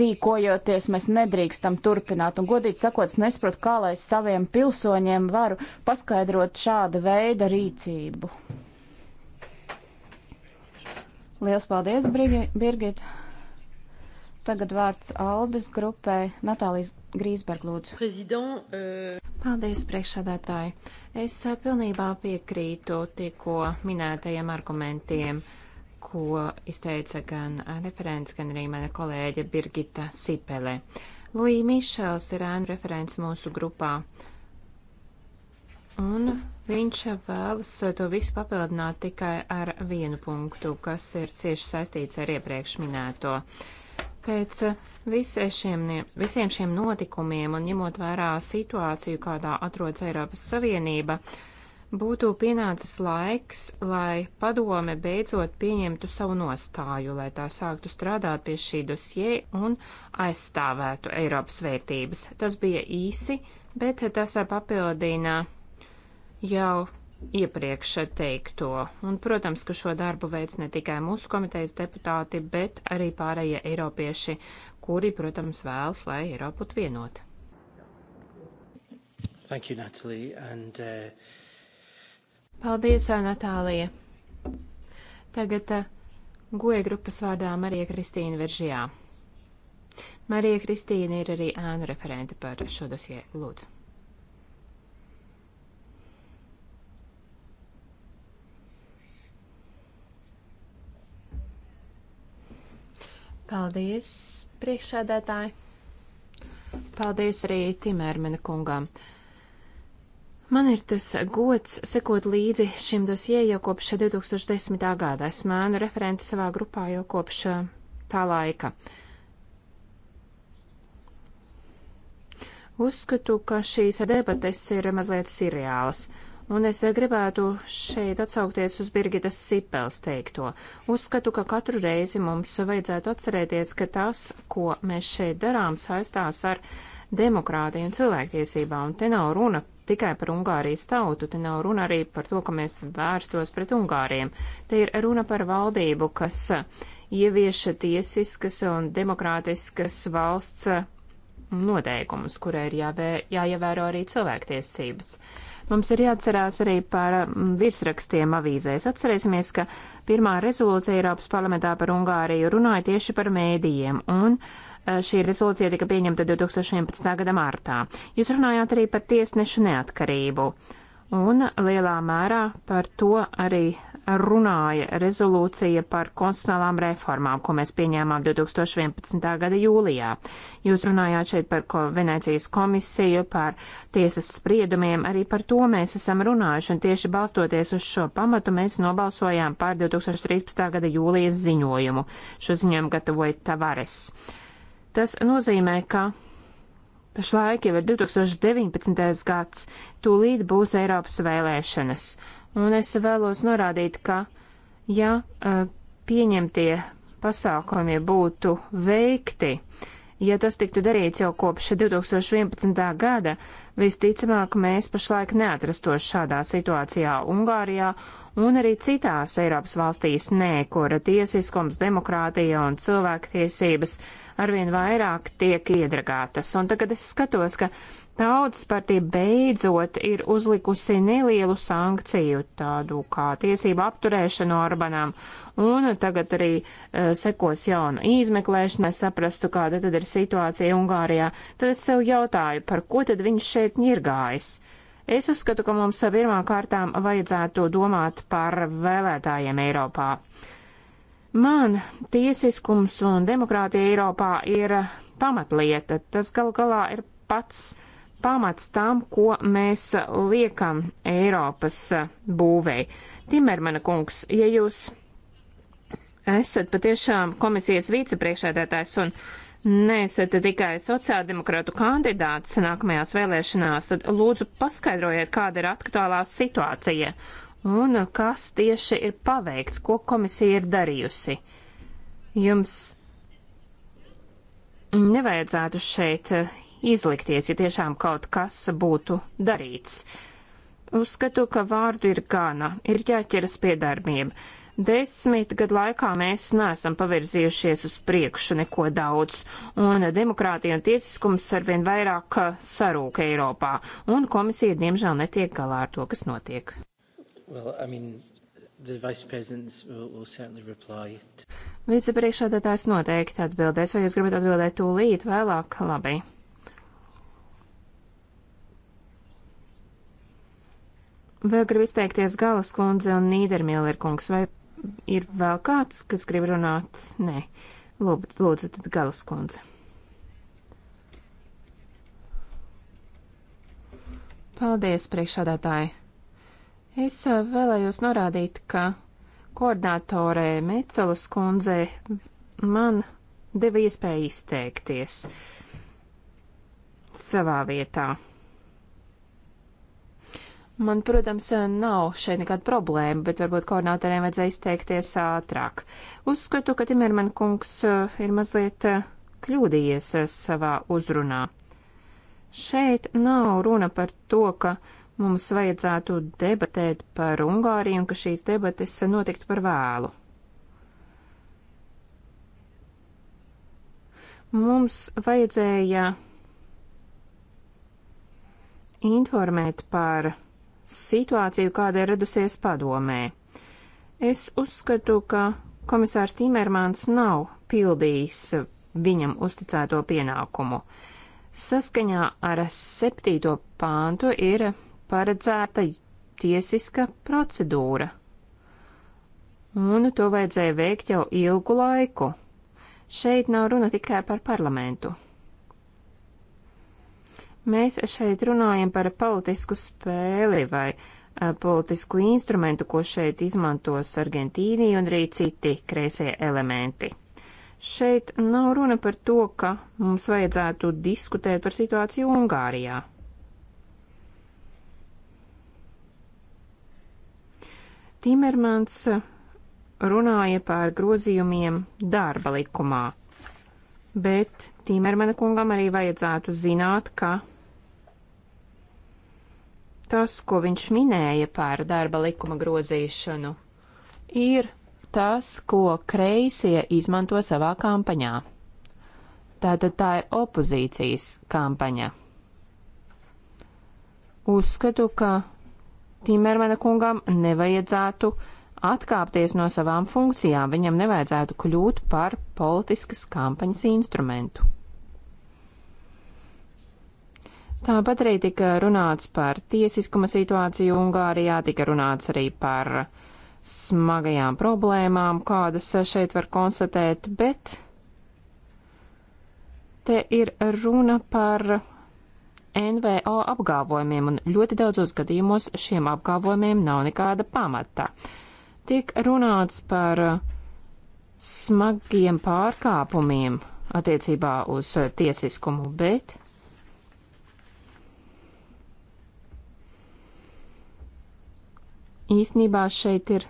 rīkojoties, mēs nedrīkstam turpināt. Un, godīgi sakot, es nesaprotu, kā lai es saviem pilsoņiem varu paskaidrot šāda veida rīcību. Lielas paldies, Birgit! Tagad vārds Aldis grupai Natālijas Grīsberg lūdzu. Uh... Paldies, priekšsādātāji. Es pilnībā piekrītu tikko minētajiem argumentiem, ko izteica gan referents, gan arī mana kolēģe Birgita Sipele. Lūija Mišels ir ēnu referents mūsu grupā. Un viņš vēlas to visu papildināt tikai ar vienu punktu, kas ir cieši saistīts ar iepriekš minēto. Uh, Pēc eh, šiem, visiem šiem notikumiem un ņemot vērā situāciju, kādā atrodas Eiropas Savienība, būtu pienācis laiks, lai padome beidzot pieņemtu savu nostāju, lai tā sāktu strādāt pie šī dosie un aizstāvētu Eiropas vērtības. Tas bija īsi, bet tas papildina jau iepriekš teikto. Un, protams, ka šo darbu veic ne tikai mūsu komitejas deputāti, bet arī pārējie eiropieši, kuri, protams, vēlas, lai Eiropa būtu vienota. Thank you, Natalie. And, uh... Paldies, uh, Natālija. Tagad uh, goja grupas vārdā Marija Kristīna Veržijā. Marija Kristīna ir arī ēnu referente par šo dosie lūdzu. Paldies, priekšsēdētāji. Paldies arī Timērmena kungām. Man ir tas gods sekot līdzi šim dosie jau kopš 2010. gada. Es mēnu referenti savā grupā jau kopš tā laika. Uzskatu, ka šīs debates ir mazliet sirreālas. Un es gribētu šeit atsaukties uz Birgitas Sipels teikto. Uzskatu, ka katru reizi mums vajadzētu atcerēties, ka tas, ko mēs šeit darām, saistās ar demokrātiju un cilvēktiesībām. Un te nav runa tikai par Ungārijas tautu, te nav runa arī par to, ka mēs vērstos pret Ungāriem. Te ir runa par valdību, kas ievieš tiesiskas un demokrātiskas valsts noteikumus, kurai ir jāvē, jāievēro arī cilvēktiesības. Mums ir jāatcerās arī par mm, virsrakstiem avīzēs. Atcerēsimies, ka pirmā rezolūcija Eiropas parlamentā par Ungāriju runāja tieši par mēdījiem, un eh, šī rezolūcija tika pieņemta 2011. gada martā. Jūs runājāt arī par tiesnešu neatkarību un lielā mērā par to arī runāja rezolūcija par konstitucionālām reformām, ko mēs pieņēmām 2011. gada jūlijā. Jūs runājāt šeit par ko Venecijas komisiju, par tiesas spriedumiem, arī par to mēs esam runājuši, un tieši balstoties uz šo pamatu mēs nobalsojām par 2013. gada jūlijas ziņojumu. Šo ziņojumu gatavoja Tavares. Tas nozīmē, ka Pašlaik jau ir 2019. gads, tūlīt būs Eiropas vēlēšanas, un es vēlos norādīt, ka, ja pieņemtie pasākumi būtu veikti, ja tas tiktu darīts jau kopš 2011. gada, visticamāk mēs pašlaik neatrastos šādā situācijā Ungārijā un arī citās Eiropas valstīs nē, kura tiesiskums, demokrātija un cilvēktiesības arvien vairāk tiek iedragātas. Un tagad es skatos, ka Tautas partija beidzot ir uzlikusi nelielu sankciju, tādu kā tiesību apturēšanu Orbanam, un tagad arī uh, sekos jauna izmeklēšana, lai saprastu, kāda tad ir situācija Ungārijā. Tad es sev jautāju, par ko tad viņš šeit ir gājis? Es uzskatu, ka mums pirmā kārtām vajadzētu domāt par vēlētājiem Eiropā. Man tiesiskums un demokrātija Eiropā ir pamatlieta. Tas galu galā ir pats pamats tam, ko mēs liekam Eiropas būvei. Timermana kungs, ja jūs esat patiešām komisijas vicepriekšēdētājs un uh, neesat tikai sociāldemokrātu kandidāts nākamajās vēlēšanās, tad lūdzu paskaidrojiet, kāda ir aktuālā situācija un kas tieši ir paveikts, ko komisija ir darījusi. Jums nevajadzētu šeit izlikties, ja tiešām kaut kas būtu darīts. Uzskatu, ka vārdu ir gana, ir jāķeras pie darbiem. Desmit gadu laikā mēs neesam pavirzījušies uz priekšu neko daudz, un demokrātija un tiesiskums arvien vairāk uh, sarūk Eiropā, un komisija diemžēl netiek galā ar to, kas notiek. Well, I mean... Vicepriekšādātājs noteikti atbildēs, vai jūs gribat atbildēt tūlīt vēlāk? Labi. Vēl grib izteikties Galas kundze un Nīdermieler kungs, vai ir vēl kāds, kas grib runāt? Nē. Lūdzu, lūdzu tad galas kundze. Paldies, priekšādātāji. Es vēlējos norādīt, ka koordinātore Mecolas kundze man deva iespēju izteikties savā vietā. Man, protams, nav šeit nekāda problēma, bet varbūt koordinātoriem vajadzēja izteikties ātrāk. Uzskatu, ka Timerman kungs eh, ir mazliet eh, kļūdījies eh, savā uzrunā. Šeit nav runa par to, ka mums vajadzētu debatēt par Ungāriju un ka šīs debates notiktu par vēlu. Mums vajadzēja informēt par situāciju, kāda ir redusies padomē. Es uzskatu, ka komisārs Timermans nav pildījis viņam uzticēto pienākumu. Saskaņā ar septīto pāntu ir paredzēta tiesiska procedūra, un to vajadzēja veikt jau ilgu laiku. Šeit nav runa tikai par parlamentu. Mēs šeit runājam par politisku spēli vai eh, politisku instrumentu, ko šeit izmantos Argentīnī un arī citi kreisie elementi. Šeit nav runa par to, ka mums vajadzētu diskutēt par situāciju Ungārijā. Timermans runāja par grozījumiem darba likumā, bet Timermana kungam arī vajadzētu zināt, ka Tas, ko viņš minēja par darba likuma grozīšanu, ir tas, ko kreisie izmanto savā kampaņā. Tātad tā ir opozīcijas kampaņa. Uzskatu, ka Timermana kungam nevajadzētu atkāpties no savām funkcijām, viņam nevajadzētu kļūt par politiskas kampaņas instrumentu. Tāpat arī tika runāts par tiesiskuma situāciju Ungārijā, tika runāts arī par smagajām problēmām, kādas šeit var konstatēt, bet te ir runa par NVO apgalvojumiem, un ļoti daudzos gadījumos šiem apgalvojumiem nav nekāda pamata. Tiek runāts par smagiem pārkāpumiem attiecībā uz tiesiskumu, bet Īsnībā šeit ir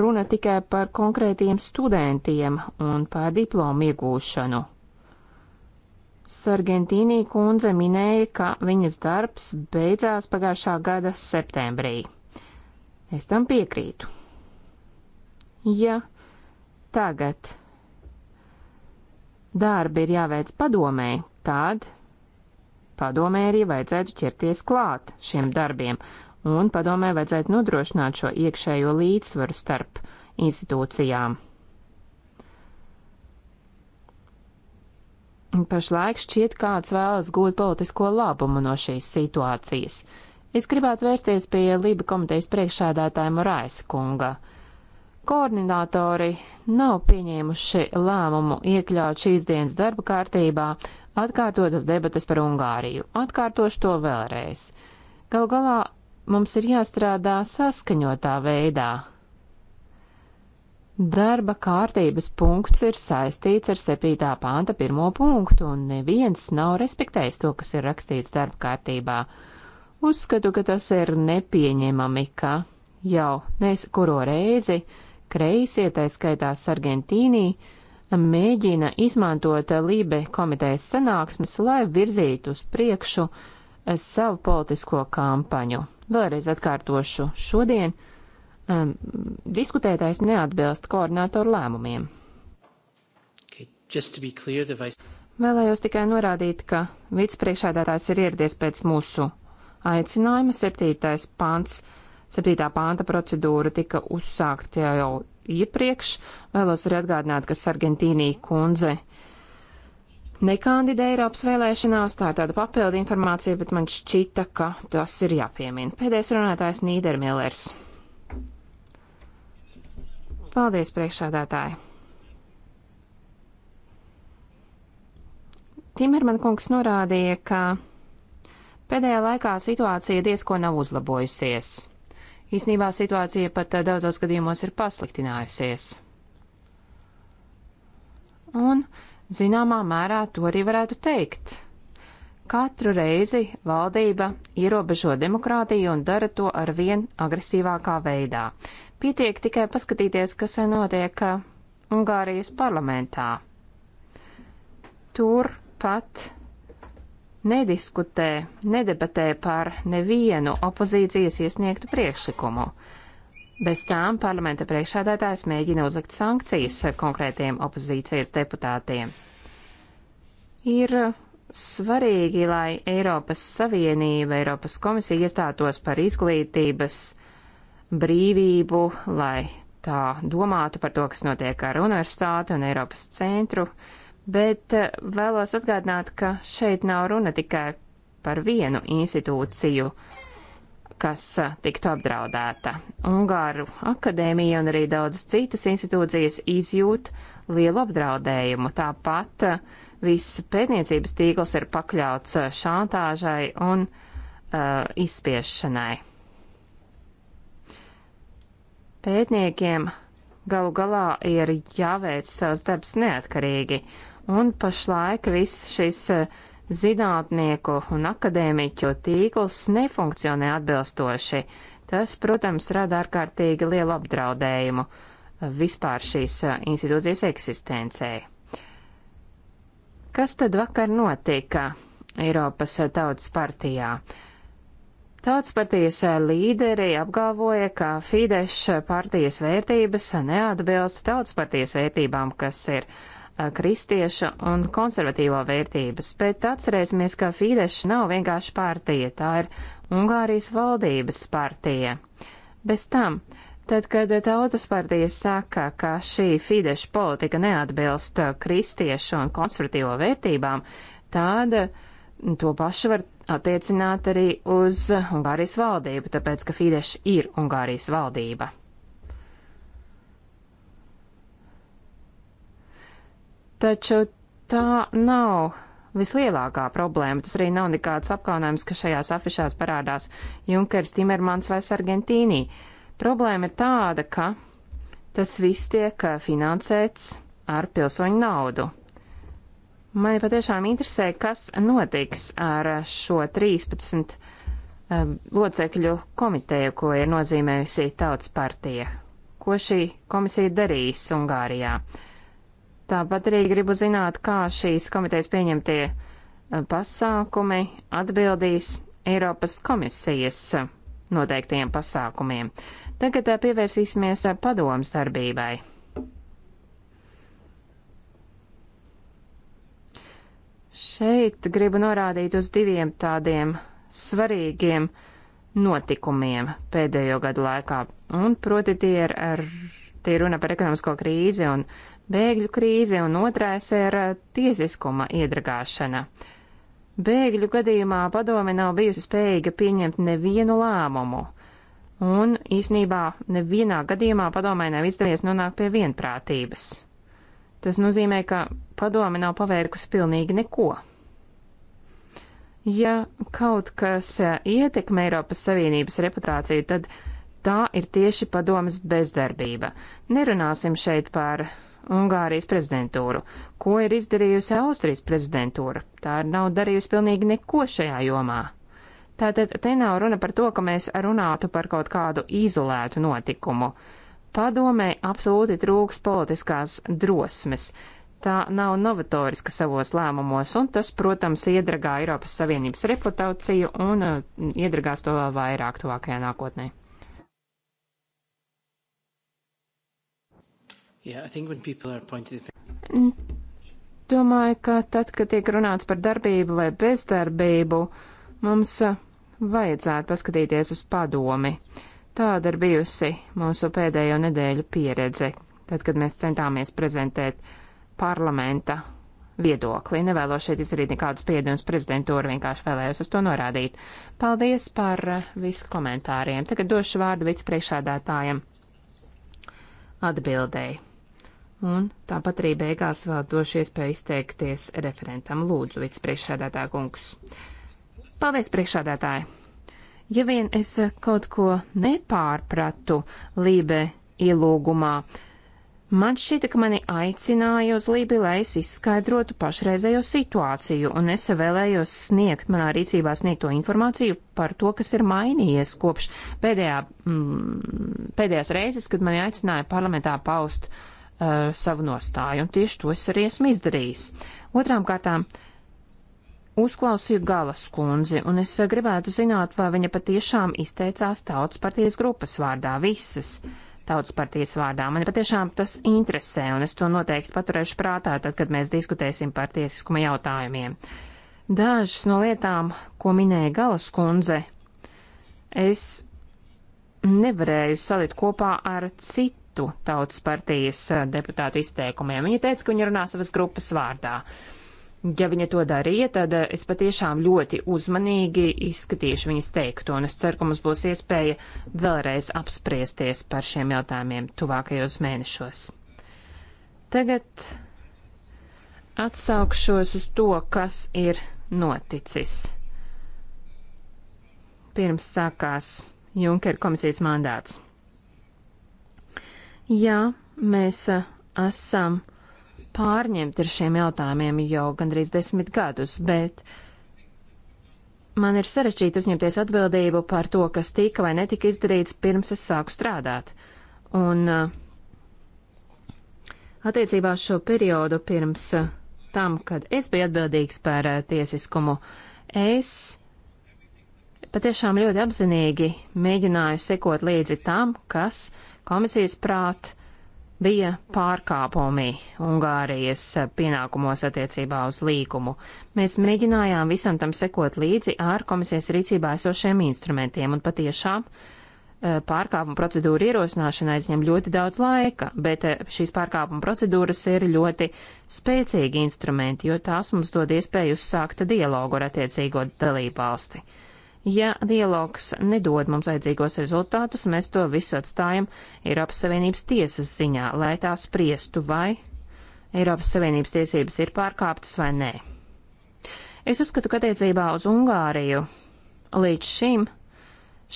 runa tikai par konkrētiem studentiem un par diplomu iegūšanu. Sargentīnī kundze minēja, ka viņas darbs beidzās pagājušā gada septembrī. Es tam piekrītu. Ja tagad darbi ir jāveic padomē, tad padomē arī vajadzētu ķerties klāt šiem darbiem un padomē vajadzētu nodrošināt šo iekšējo līdzsvaru starp institūcijām. Pašlaik šķiet, kāds vēlas gūt politisko labumu no šīs situācijas. Es gribētu vērsties pie Lība komitejas priekšēdētāja Morais kunga. Koordinātori nav pieņēmuši lēmumu iekļaut šīs dienas darba kārtībā atkārtotas debatas par Ungāriju. Atkārtošu to vēlreiz. Galu galā mums ir jāstrādā saskaņotā veidā. Darba kārtības punkts ir saistīts ar 7. panta pirmo punktu, un neviens nav respektējis to, kas ir rakstīts darba kārtībā. Uzskatu, ka tas ir nepieņemami, ka jau neskuro reizi kreisie, tā skaitā Sargentīnī, mēģina izmantot Lībe komitejas sanāksmes, lai virzītu uz priekšu savu politisko kampaņu. Vēlreiz atkārtošu, šodien um, diskutētais neatbilst koordinātoru lēmumiem. Okay, clear, vice... Vēlējos tikai norādīt, ka vicepriekšādātājs ir ieradies pēc mūsu aicinājuma. Septītais pants, septītā panta procedūra tika uzsākta jau iepriekš. Vēlos arī atgādināt, ka Sargentīnī kundze uh, nekandida Eiropas vēlēšanās, tā ir tāda papildi informācija, bet man šķita, ka tas ir jāpiemina. Pēdējais runātājs Nīdermillers. Paldies, priekšādātāji! Timerman kungs norādīja, ka pēdējā laikā situācija diezko nav uzlabojusies. Īsnībā situācija pat daudzos gadījumos ir pasliktinājusies. Un zināmā mērā to arī varētu teikt. Katru reizi valdība ierobežo demokrātiju un dara to ar vien agresīvākā veidā. Pietiek tikai paskatīties, kas notiek uh, Ungārijas parlamentā. Tur pat nediskutē, nedebatē par nevienu opozīcijas iesniegtu priekšlikumu. Bez tām parlamenta priekšādātājs mēģina uzlikt sankcijas konkrētiem opozīcijas deputātiem. Ir svarīgi, lai Eiropas Savienība, Eiropas komisija iestātos par izglītības brīvību, lai tā domātu par to, kas notiek ar universitāti un Eiropas centru, bet vēlos atgādināt, ka šeit nav runa tikai par vienu institūciju uh, kas eh, tiktu apdraudēta. Ungāru akadēmija un arī daudzas citas institūcijas izjūt lielu apdraudējumu. Tāpat eh, viss pētniecības tīkls ir pakļauts eh, šantāžai un uh, izspiešanai. Pētniekiem galu galā ir jāveic savs darbs neatkarīgi, un pašlaik viss šis uh, zinātnieku un akadēmiķu tīkls nefunkcionē atbilstoši. Tas, protams, rada ārkārtīgi lielu apdraudējumu uh, vispār šīs uh, institūcijas eksistencei. Kas tad vakar notika Eiropas uh, Tautas partijā? Tautas partijas līderi apgalvoja, ka Fidesz partijas vērtības neatbilst tautas partijas vērtībām, kas ir Eh, kristieša un konservatīvo vērtības, bet atcerēsimies, ka Fīdešs nav vienkārši partija, tā ir Ungārijas valdības partija. Bez tam, tad, kad tautas partija saka, ka šī Fīdeša politika neatbilst eh, kristiešu un konservatīvo vērtībām, tad mm, to pašu var attiecināt arī uz Ungārijas valdību, tāpēc, ka Fīdeša ir Ungārijas valdība. Taču tā nav vislielākā problēma. Tas arī nav nekāds apkaunājums, ka šajās afišās parādās Junkers, Timermans vai Sargentīnī. Problēma ir tāda, ka tas viss tiek finansēts ar pilsoņu naudu. Mani patiešām interesē, kas notiks ar šo 13 um, eh, locekļu komiteju, ko ir nozīmējusi Tautas partija. Ko šī komisija darīs Ungārijā? Uh, Tāpat arī gribu zināt, kā šīs komitejas pieņemtie eh, pasākumi atbildīs Eiropas komisijas eh, noteiktajiem pasākumiem. Tagad eh, pievērsīsimies padomas darbībai. Šeit gribu norādīt uz diviem tādiem svarīgiem notikumiem pēdējo gadu laikā, un proti tie ir, ar, tie runa par ekonomisko krīzi un uh, bēgļu krīze, un otrais ir eh, tiesiskuma iedragāšana. Bēgļu gadījumā padome nav bijusi spējīga pieņemt nevienu lēmumu, un īsnībā nevienā gadījumā padomē nav izdevies nonākt pie vienprātības. Tas nozīmē, ka padome nav paveikusi pilnīgi neko. Ja kaut kas eh, ietekmē Eiropas Savienības reputāciju, tad tā ir tieši padomas bezdarbība. Nerunāsim šeit par Ungārijas prezidentūru. Ko ir izdarījusi Austrijas prezidentūra? Tā nav darījusi pilnīgi neko šajā jomā. Tātad te nav runa par to, ka mēs runātu par kaut kādu izolētu notikumu. Padomē absolūti trūks politiskās drosmes. Tā nav novatoriska savos lēmumos, un tas, protams, iedragā Eiropas Savienības reputāciju un uh, iedragās to vēl vairāk tuvākajā nākotnē. Yeah, pointed... Domāju, ka tad, kad tiek runāts par darbību vai bezdarbību, mums uh, vajadzētu paskatīties uz padomi. Tāda ir bijusi mūsu pēdējo nedēļu pieredze, tad, kad mēs centāmies prezentēt parlamenta viedokli. Nevēlos šeit izdarīt nekādus spiedienus prezidentūru, vienkārši vēlējos uz to norādīt. Paldies par uh, visu komentāriem. Tagad došu vārdu vicepriekšādātājiem atbildēji un tāpat arī beigās vēl došu iespēju izteikties referentam lūdzu, vicepriekšādātā kungs. Paldies, priekšādātāji! Ja vien es kaut ko nepārpratu Lībe ielūgumā, man šķita, ka mani aicināja uz Lībi, lai es izskaidrotu pašreizējo situāciju, un es vēlējos sniegt manā rīcībā sniegto informāciju par to, kas ir mainījies kopš pēdējā, mm, pēdējās reizes, kad mani aicināja parlamentā paust uh, uh, savu nostāju, un tieši to es arī esmu izdarījis. Otrām kārtām, uzklausīju Galas kundzi, un es uh, gribētu zināt, vai viņa patiešām izteicās tautas partijas grupas vārdā visas tautas partijas vārdā. Man patiešām tas interesē, un es to noteikti paturēšu prātā, tad, kad mēs diskutēsim par tiesiskuma jautājumiem. Dažas no lietām, ko minēja Galas kundze, es nevarēju salikt kopā ar citu citu tautas partijas deputātu izteikumiem. Viņa teica, ka viņa runā savas grupas vārdā. Ja viņa to darīja, tad es patiešām ļoti uzmanīgi izskatīšu viņas teikto, un es ceru, ka mums būs iespēja vēlreiz apspriesties par šiem jautājumiem tuvākajos mēnešos. Tagad atsaukšos uz to, kas ir noticis. Pirms sākās Junkera komisijas mandāts. Jā, mēs esam pārņemti ar šiem jautājumiem jau gandrīz desmit gadus, bet man ir sarežģīti uzņemties atbildību par to, kas tika vai netika izdarīts pirms es sāku strādāt. Un attiecībā uz šo periodu pirms tam, kad es biju atbildīgs par tiesiskumu, es patiešām ļoti apzinīgi mēģināju sekot līdzi tam, kas uh, komisijas prāt bija pārkāpumi Ungārijas pienākumos attiecībā uz līgumu. Mēs mēģinājām visam tam sekot līdzi ar komisijas rīcībā esošiem instrumentiem un patiešām eh, pārkāpuma procedūra ierosināšana aizņem ļoti daudz laika, bet eh, šīs pārkāpuma procedūras ir ļoti spēcīgi instrumenti, jo tās mums dod iespēju uzsākt dialogu ar attiecīgo dalībvalsti. valsti. Ja dialogs nedod mums vajadzīgos rezultātus, mēs to visu atstājam Eiropas Savienības tiesas ziņā, lai tā spriestu, vai Eiropas Savienības tiesības ir pārkāptas vai nē. Es uzskatu, ka attiecībā uz Ungāriju līdz šim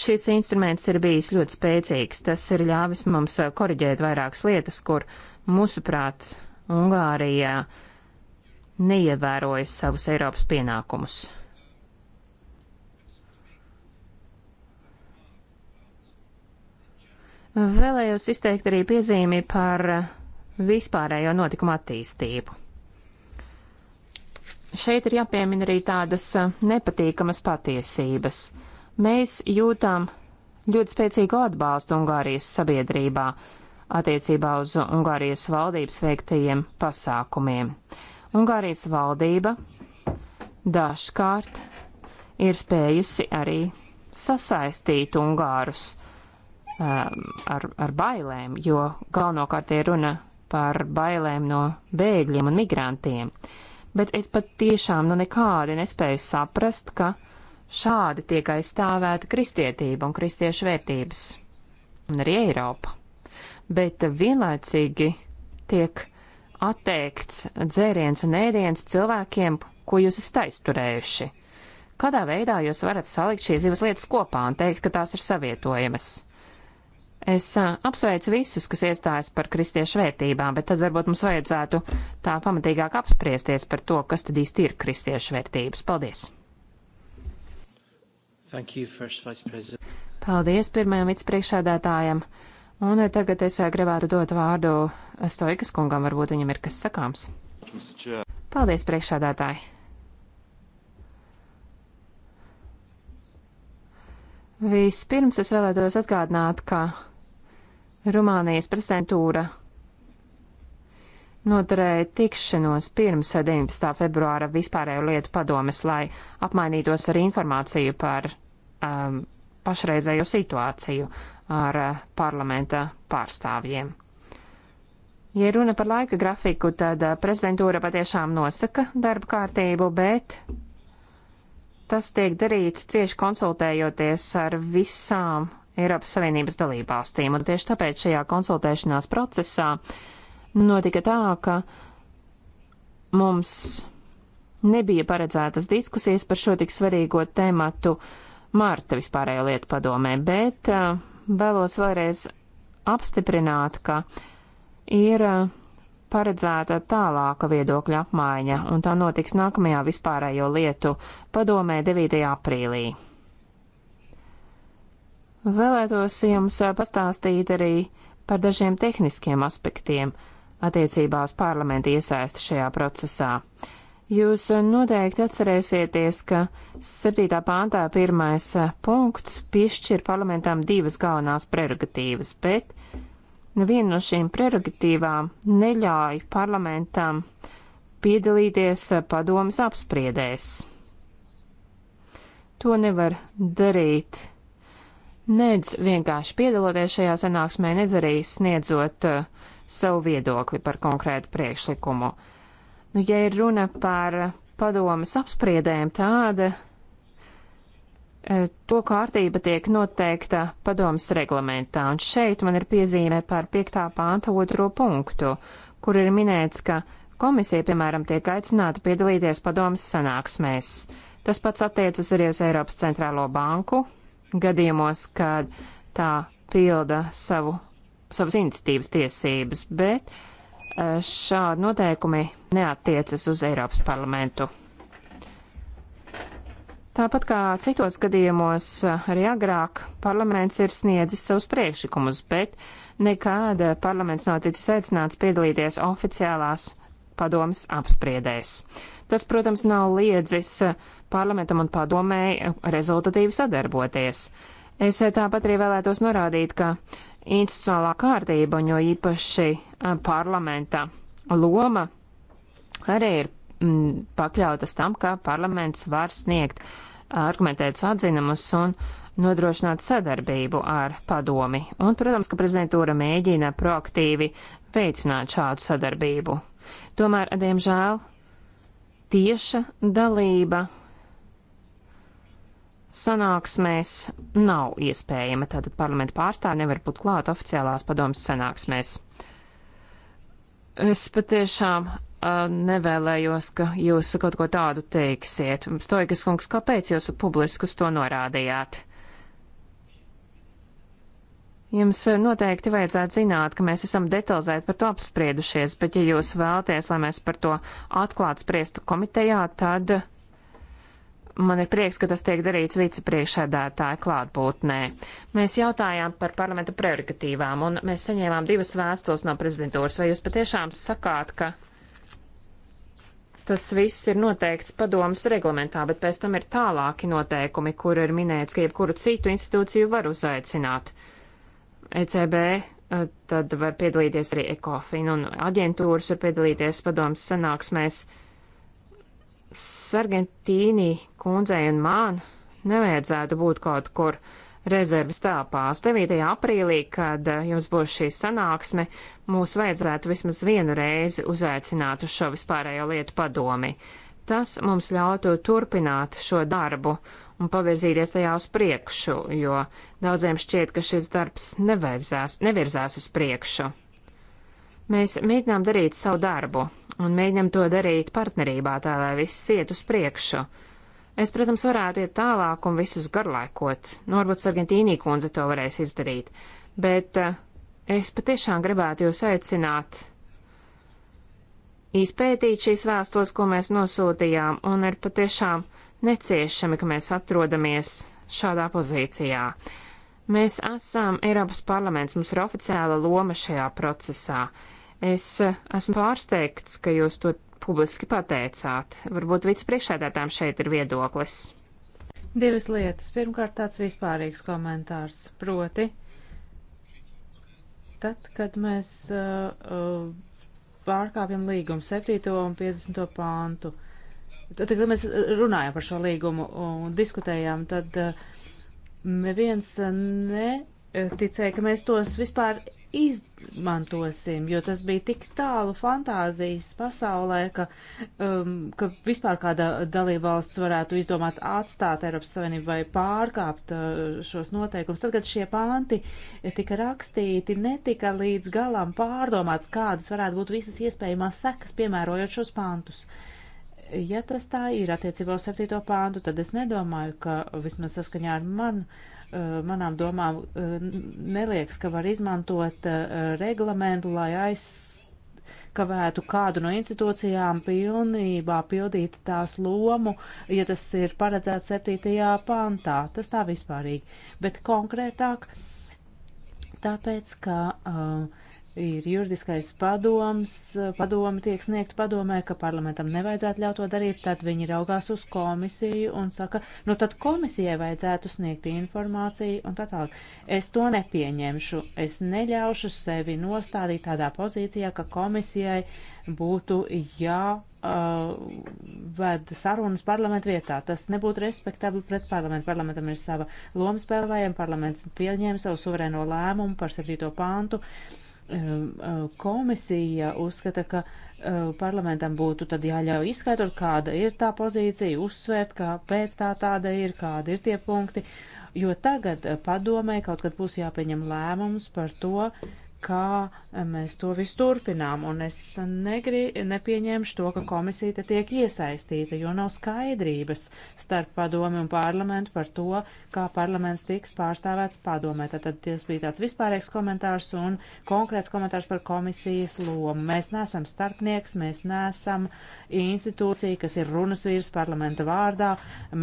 šis instruments ir bijis ļoti spēcīgs. Tas ir ļāvis mums koriģēt vairākas lietas, kur, mūsuprāt, Ungārijā neievēroja savus Eiropas pienākumus. Vēlējos izteikt arī piezīmi par vispārējo notikumu attīstību. Šeit ir jāpiemina arī tādas nepatīkamas patiesības. Mēs jūtām ļoti spēcīgu atbalstu Ungārijas sabiedrībā attiecībā uz Ungārijas valdības veiktajiem pasākumiem. Ungārijas valdība dažkārt ir spējusi arī sasaistīt Ungārus Um, ar, ar bailēm, jo galvenokārt ir runa par bailēm no bēgļiem un migrantiem. Bet es pat tiešām nu nekādi nespēju saprast, ka šādi tiek aizstāvēta kristietība un kristiešu vērtības, un arī Eiropa. Bet vienlaicīgi tiek atteikts dzēriens un ēdiens cilvēkiem, ko jūs esat aizturējuši. Kādā veidā jūs varat salikt šīs divas lietas kopā un teikt, ka tās ir savietojamas? Es apsveicu visus, kas iestājas par kristiešu vērtībām, bet tad varbūt mums vajadzētu tā pamatīgāk apspriesties par to, kas tad īsti ir kristiešu vērtības. Paldies! You, first, Paldies pirmajam vicepriekšādātājam. Un tagad es gribētu dot vārdu Stoikas kungam, varbūt viņam ir kas sakāms. Paldies priekšādātāji! Vispirms es vēlētos atgādināt, ka Rumānijas prezidentūra noturēja tikšanos pirms 19. februāra vispārējo lietu padomes, lai apmainītos ar informāciju par um, pašreizējo situāciju ar uh, parlamenta pārstāvjiem. Ja runa par laika grafiku, tad uh, prezidentūra patiešām nosaka darba kārtību, bet tas tiek darīts cieši konsultējoties ar visām Eiropas Savienības dalībvalstīm, un tieši tāpēc šajā konsultēšanās procesā notika tā, ka mums nebija paredzētas diskusijas par šo tik svarīgo tēmatu Marta vispārējo lietu padomē, bet uh, vēlos vēlreiz apstiprināt, ka ir uh, paredzēta tālāka viedokļa apmaiņa, un tā notiks nākamajā vispārējo lietu padomē 9. aprīlī. Vēlētos jums pastāstīt arī par dažiem tehniskiem aspektiem attiecībā uz parlamentu iesaisti šajā procesā. Jūs noteikti atcerēsieties, ka 7. pāntā pirmais punkts piešķir parlamentam divas galvenās prerogatīvas, bet viena no šīm prerogatīvām neļauj parlamentam piedalīties padomas apspriedēs. To nevar darīt nedz vienkārši piedaloties šajā sanāksmē, nedz arī sniedzot uh, savu viedokli par konkrētu priekšlikumu. Nu, ja ir runa par padomas apspriedēm, tāda uh, to kārtība tiek noteikta padomas reglamentā, un šeit man ir piezīme par 5. pānta otro punktu, kur ir minēts, ka Komisija, piemēram, tiek aicināta piedalīties padomas sanāksmēs. Tas pats attiecas arī uz Eiropas centrālo banku gadījumos, kad tā pilda savu, savas iniciatīvas tiesības, bet eh, šādi noteikumi neatiecas uz Eiropas parlamentu. Tāpat kā citos gadījumos, eh, arī agrāk parlaments ir sniedzis savus priekšlikumus, bet nekāda parlaments nav ticis aicināts piedalīties oficiālās padomas apspriedēs. Tas, protams, nav liedzis parlamentam un padomēji rezultatīvi sadarboties. Es tāpat arī vēlētos norādīt, ka institucionālā kārtība, jo īpaši parlamenta loma arī ir m, pakļautas tam, ka parlaments var sniegt argumentētus atzinumus un nodrošināt sadarbību ar padomi. Un, protams, ka prezidentūra mēģina proaktīvi veicināt šādu sadarbību. Tomēr, diemžēl, tieša dalība sanāksmēs nav iespējama. Tātad parlamenta pārstāvji nevar būt klāt oficiālās padomas sanāksmēs. Es patiešām uh, nevēlējos, ka jūs kaut ko tādu teiksiet. Stoikas kungs, kāpēc jūs publiski uz to norādījāt? Uh, Jums eh, noteikti vajadzētu zināt, ka mēs esam detalizēti par to apspriedušies, bet ja jūs vēlaties, lai mēs par to atklāt spriestu komitejā, tad man ir prieks, ka tas tiek darīts vicepriekšēdētāja klātbūtnē. Mēs jautājām par parlamenta prerogatīvām, un mēs saņēmām divas vēstules no prezidentūras. Vai jūs patiešām sakāt, ka tas viss ir noteikts padomas reglamentā, bet pēc tam ir tālāki noteikumi, kur ir minēts, ka jebkuru citu institūciju var uzaicināt? ECB, eh, tad var piedalīties arī ECOFIN un aģentūras var piedalīties padomas sanāksmēs. Sargentīnī kundzei un man nevajadzētu būt kaut kur rezerves telpās. 9. aprīlī, kad eh, jums būs šī sanāksme, mūs vajadzētu vismaz vienu reizi uzaicināt uz šo vispārējo lietu padomi. Tas mums ļautu turpināt šo darbu un pavirzīties tajā uz priekšu, jo daudziem šķiet, ka šis darbs nevirzās, nevirzās uz priekšu. Mēs mēģinām darīt savu darbu, un mēģinām to darīt partnerībā, tā lai viss iet uz priekšu. Es, protams, varētu iet tālāk un visus garlaikot, nu, varbūt Sargentīnī kundze to varēs izdarīt, bet eh, es patiešām gribētu jūs aicināt izpētīt šīs vēstules, ko mēs nosūtījām, un ir patiešām neciešami, ka mēs atrodamies šādā pozīcijā. Mēs esam Eiropas parlaments, mums ir oficiāla loma šajā procesā. Es esmu pārsteigts, ka jūs to publiski pateicāt. Varbūt vicepriekšēdētām šeit ir viedoklis. Divas lietas. Pirmkārt, tāds vispārīgs komentārs. Proti, tad, kad mēs uh, uh pārkāpjam līgumu 7. un 50. pāntu, uh, Tad, kad mēs runājām par šo līgumu un diskutējām, tad eh, neviens neticēja, ka mēs tos vispār izmantosim, jo tas bija tik tālu fantāzijas pasaulē, ka, um, ka vispār kāda dalībvalsts varētu izdomāt atstāt Eiropas Savienību vai pārkāpt uh, šos noteikumus. Tad, kad šie panti tika rakstīti, netika līdz galam pārdomāts, kādas varētu būt visas iespējamās sekas, piemērojot šos pantus. Uh, Ja tas tā ir attiecībā uz septīto pāntu, tad es nedomāju, ka vismaz saskaņā ar man, eh, manām domām eh, neliekas, ka var izmantot eh, reglamentu, lai aizkavētu kādu no institūcijām pilnībā pildīt tās lomu, ja tas ir paredzēts septītajā pāntā. Tas tā vispārīgi. Bet konkrētāk, tāpēc, ka uh, ir juridiskais padoms, padoma tiek sniegt padomē, ka parlamentam nevajadzētu ļaut to darīt, tad viņi raugās uz komisiju un saka, nu tad komisijai vajadzētu sniegt informāciju un tā tālāk. Es to nepieņemšu, es neļaušu sevi nostādīt tādā pozīcijā, ka komisijai būtu jā uh, ved sarunas parlamentu vietā. Tas nebūtu respektabli pret parlamentu. Parlamentam ir sava loma spēlējama, parlaments pieņēma savu suverēno lēmumu par 7. pāntu. Uh, Um, uh, komisija uzskata, ka uh, parlamentam būtu tad jāļauj izskaidrot, kāda ir tā pozīcija, uzsvērt, kāpēc tā tāda ir, kādi ir tie punkti, jo tagad uh, padomē kaut kad būs jāpieņem lēmums par to, kā mēs to visu turpinām, un es negri, nepieņemšu to, ka komisija te tiek iesaistīta, jo nav skaidrības starp padomi un parlamentu par to, kā parlaments tiks pārstāvēts padomē. Tad tas bija tāds vispārīgs komentārs un konkrēts komentārs par komisijas lomu. Mēs neesam starpnieks, mēs neesam institūcija, kas ir runas vīrs parlamenta vārdā,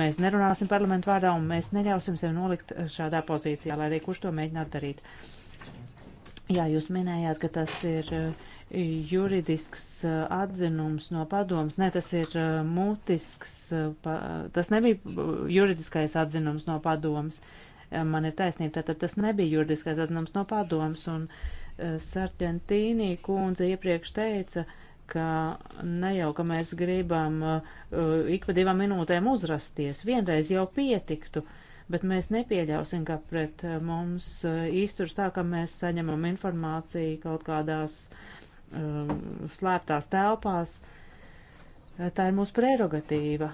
mēs nerunāsim parlamenta vārdā un mēs neļausim sevi nolikt šādā pozīcijā, lai arī kurš to mēģinātu darīt. Jā, jūs minējāt, ka tas ir e, juridisks e, atzinums no padomas. Nē, tas ir e, mutisks, tas nebija juridiskais atzinums no padomas. Man ir taisnība, tātad tas nebija juridiskais atzinums no padomas. Un Sargentīnī kundze iepriekš teica, ka ne jau, ka mēs gribam ik pa divām minūtēm uzrasties, vienreiz jau pietiktu. Uh, bet mēs nepieļausim, ka pret eh, mums īsturs eh, tā, ka mēs saņemam informāciju kaut kādās um, slēptās telpās. Tā ir mūsu prerogatīva.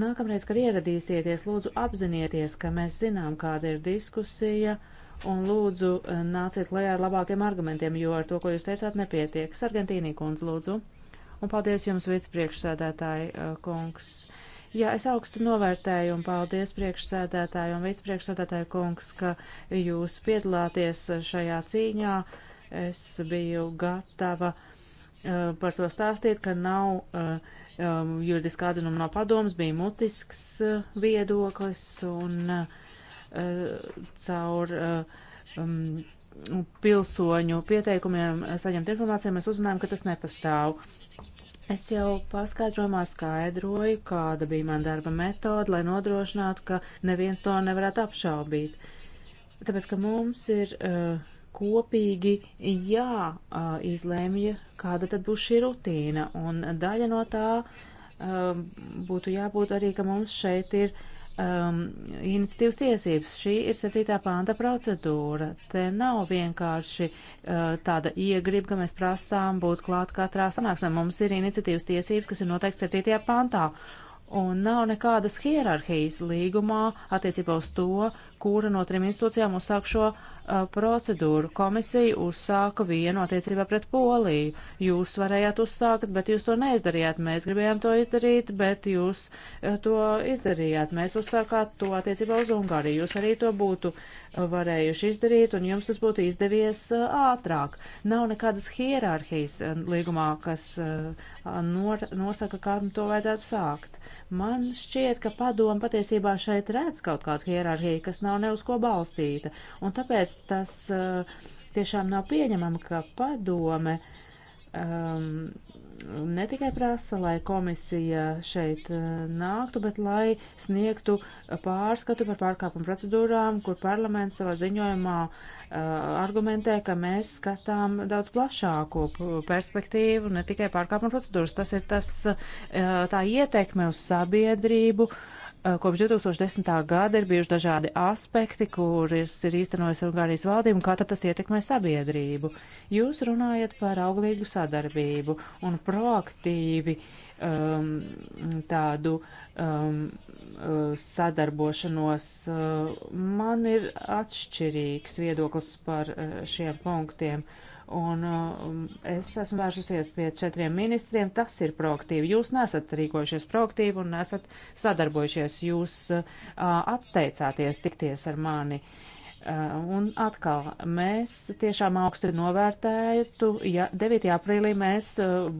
Nākamreiz, kad ieradīsieties, lūdzu apzinieties, ka mēs zinām, kāda ir diskusija, un lūdzu nāciet klajā ar labākiem argumentiem, jo ar to, ko jūs teicāt, nepietiek. Sargentīnī kundze, lūdzu. Un paldies jums, vicepriekšsēdētāji kungs. Uh, Jā, es augstu novērtēju un paldies priekšsēdētāju un vicepriekšsēdētāju kungs, ka jūs piedalāties šajā cīņā. Es biju gatava uh, par to stāstīt, ka nav uh, um, juridiskā atzinuma no padomas, bija mutisks uh, viedoklis un uh, caur uh, um, pilsoņu pieteikumiem saņemt informāciju, mēs uzzinājām, ka tas nepastāv. Es jau paskaidrojumā skaidroju, kāda bija mana darba metode, lai nodrošinātu, ka neviens to nevarētu apšaubīt. Tāpēc, ka mums ir uh, kopīgi jāizlēmja, uh, kāda tad būs šī rutīna. Un daļa no tā uh, būtu jābūt arī, ka mums šeit ir uh, um, iniciatīvas tiesības. Šī ir 7. panta procedūra. Te nav vienkārši uh, tāda iegrib, ka mēs prasām būt klāt katrā sanāksmē. Mums ir iniciatīvas tiesības, kas ir noteikti 7. pantā un nav nekādas hierarhijas līgumā attiecībā uz to, kura no trim institūcijām uzsāk šo uh, procedūru. Komisija uzsāka vienu attiecībā pret Poliju. Jūs varējāt uzsākt, bet jūs to neizdarījāt. Mēs gribējām to izdarīt, bet jūs uh, to izdarījāt. Mēs uzsākāt to attiecībā uz Ungāriju. Jūs arī to būtu uh, varējuši izdarīt, un jums tas būtu izdevies uh, ātrāk. Nav nekādas hierarhijas uh, līgumā, kas uh, nor, nosaka, kā to vajadzētu sākt. Man šķiet, ka padoma patiesībā šeit redz kaut kādu hierarhiju, kas nav ne uz ko balstīta, un tāpēc tas uh, tiešām nav pieņemami, ka padome um, ne tikai prasa, lai komisija šeit eh, nāktu, bet lai sniegtu pārskatu par pārkāpumu procedūrām, kur parlaments savā ziņojumā uh, argumentē, ka mēs skatām daudz plašāko perspektīvu, ne tikai pārkāpumu procedūras. Tas ir tas, uh, tā ietekme uz sabiedrību. Uh, Eh, kopš 2010. gada ir bijuši dažādi aspekti, kuras ir īstenojusi Ungārijas valdība, un kā tad tas ietekmē sabiedrību. Jūs runājat par auglīgu sadarbību un proaktīvi um, tādu um, sadarbošanos. Eh, man ir atšķirīgs viedoklis par šiem punktiem. Uh, Un um, es esmu vēršusies pie četriem ministriem. Tas ir proaktīvi. Jūs nesat rīkojušies proaktīvi un nesat sadarbojušies. Jūs uh, atteicāties tikties ar mani. Uh, Un atkal, mēs tiešām augstu novērtētu, ja 9. aprīlī mēs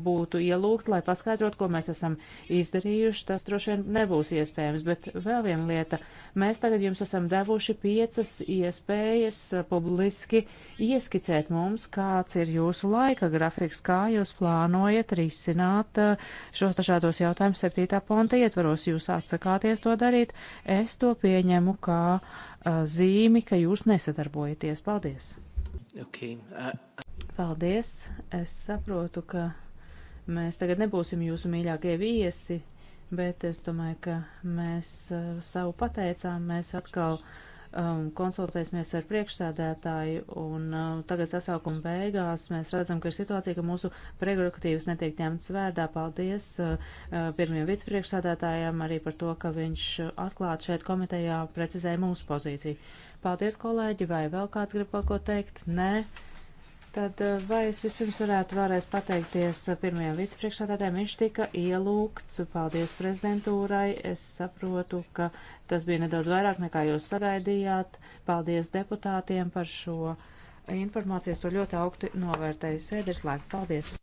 būtu ielūgt, lai paskaidrot, ko mēs esam izdarījuši, tas droši vien nebūs iespējams. Bet vēl viena lieta, mēs tagad jums esam devuši piecas iespējas publiski ieskicēt mums, kāds ir jūsu laika grafiks, kā jūs plānojat risināt šos dažādos jautājumus 7. ponta ietvaros. Jūs atsakāties to darīt, es to pieņemu kā. Ka Uh, zīmi, ka jūs nesadarbojaties. Paldies! Okay. Uh, uh, Paldies! Es saprotu, ka mēs tagad nebūsim jūsu mīļākie viesi, bet es domāju, ka mēs uh, savu pateicām, mēs atkal um, konsultēsimies ar priekšsēdētāju, un uh, tagad sasaukuma beigās mēs redzam, ka ir situācija, ka mūsu prerogatīvas netiek ņemtas vērdā. Paldies uh, uh pirmiem vicepriekšsēdētājiem arī par to, ka viņš atklāt šeit komitejā precizēja mūsu pozīciju. Paldies, kolēģi, vai vēl kāds grib kaut ko teikt? Nē. Tad eh, vai es vispirms varētu vēlreiz pateikties eh, pirmajam vicepriekšsādātājiem? Viņš tika ielūgts. Paldies prezidentūrai. Es saprotu, ka tas bija nedaudz vairāk nekā jūs sagaidījāt. Paldies deputātiem par šo informāciju. Es to ļoti augstu novērtēju. Sēders laika. Paldies!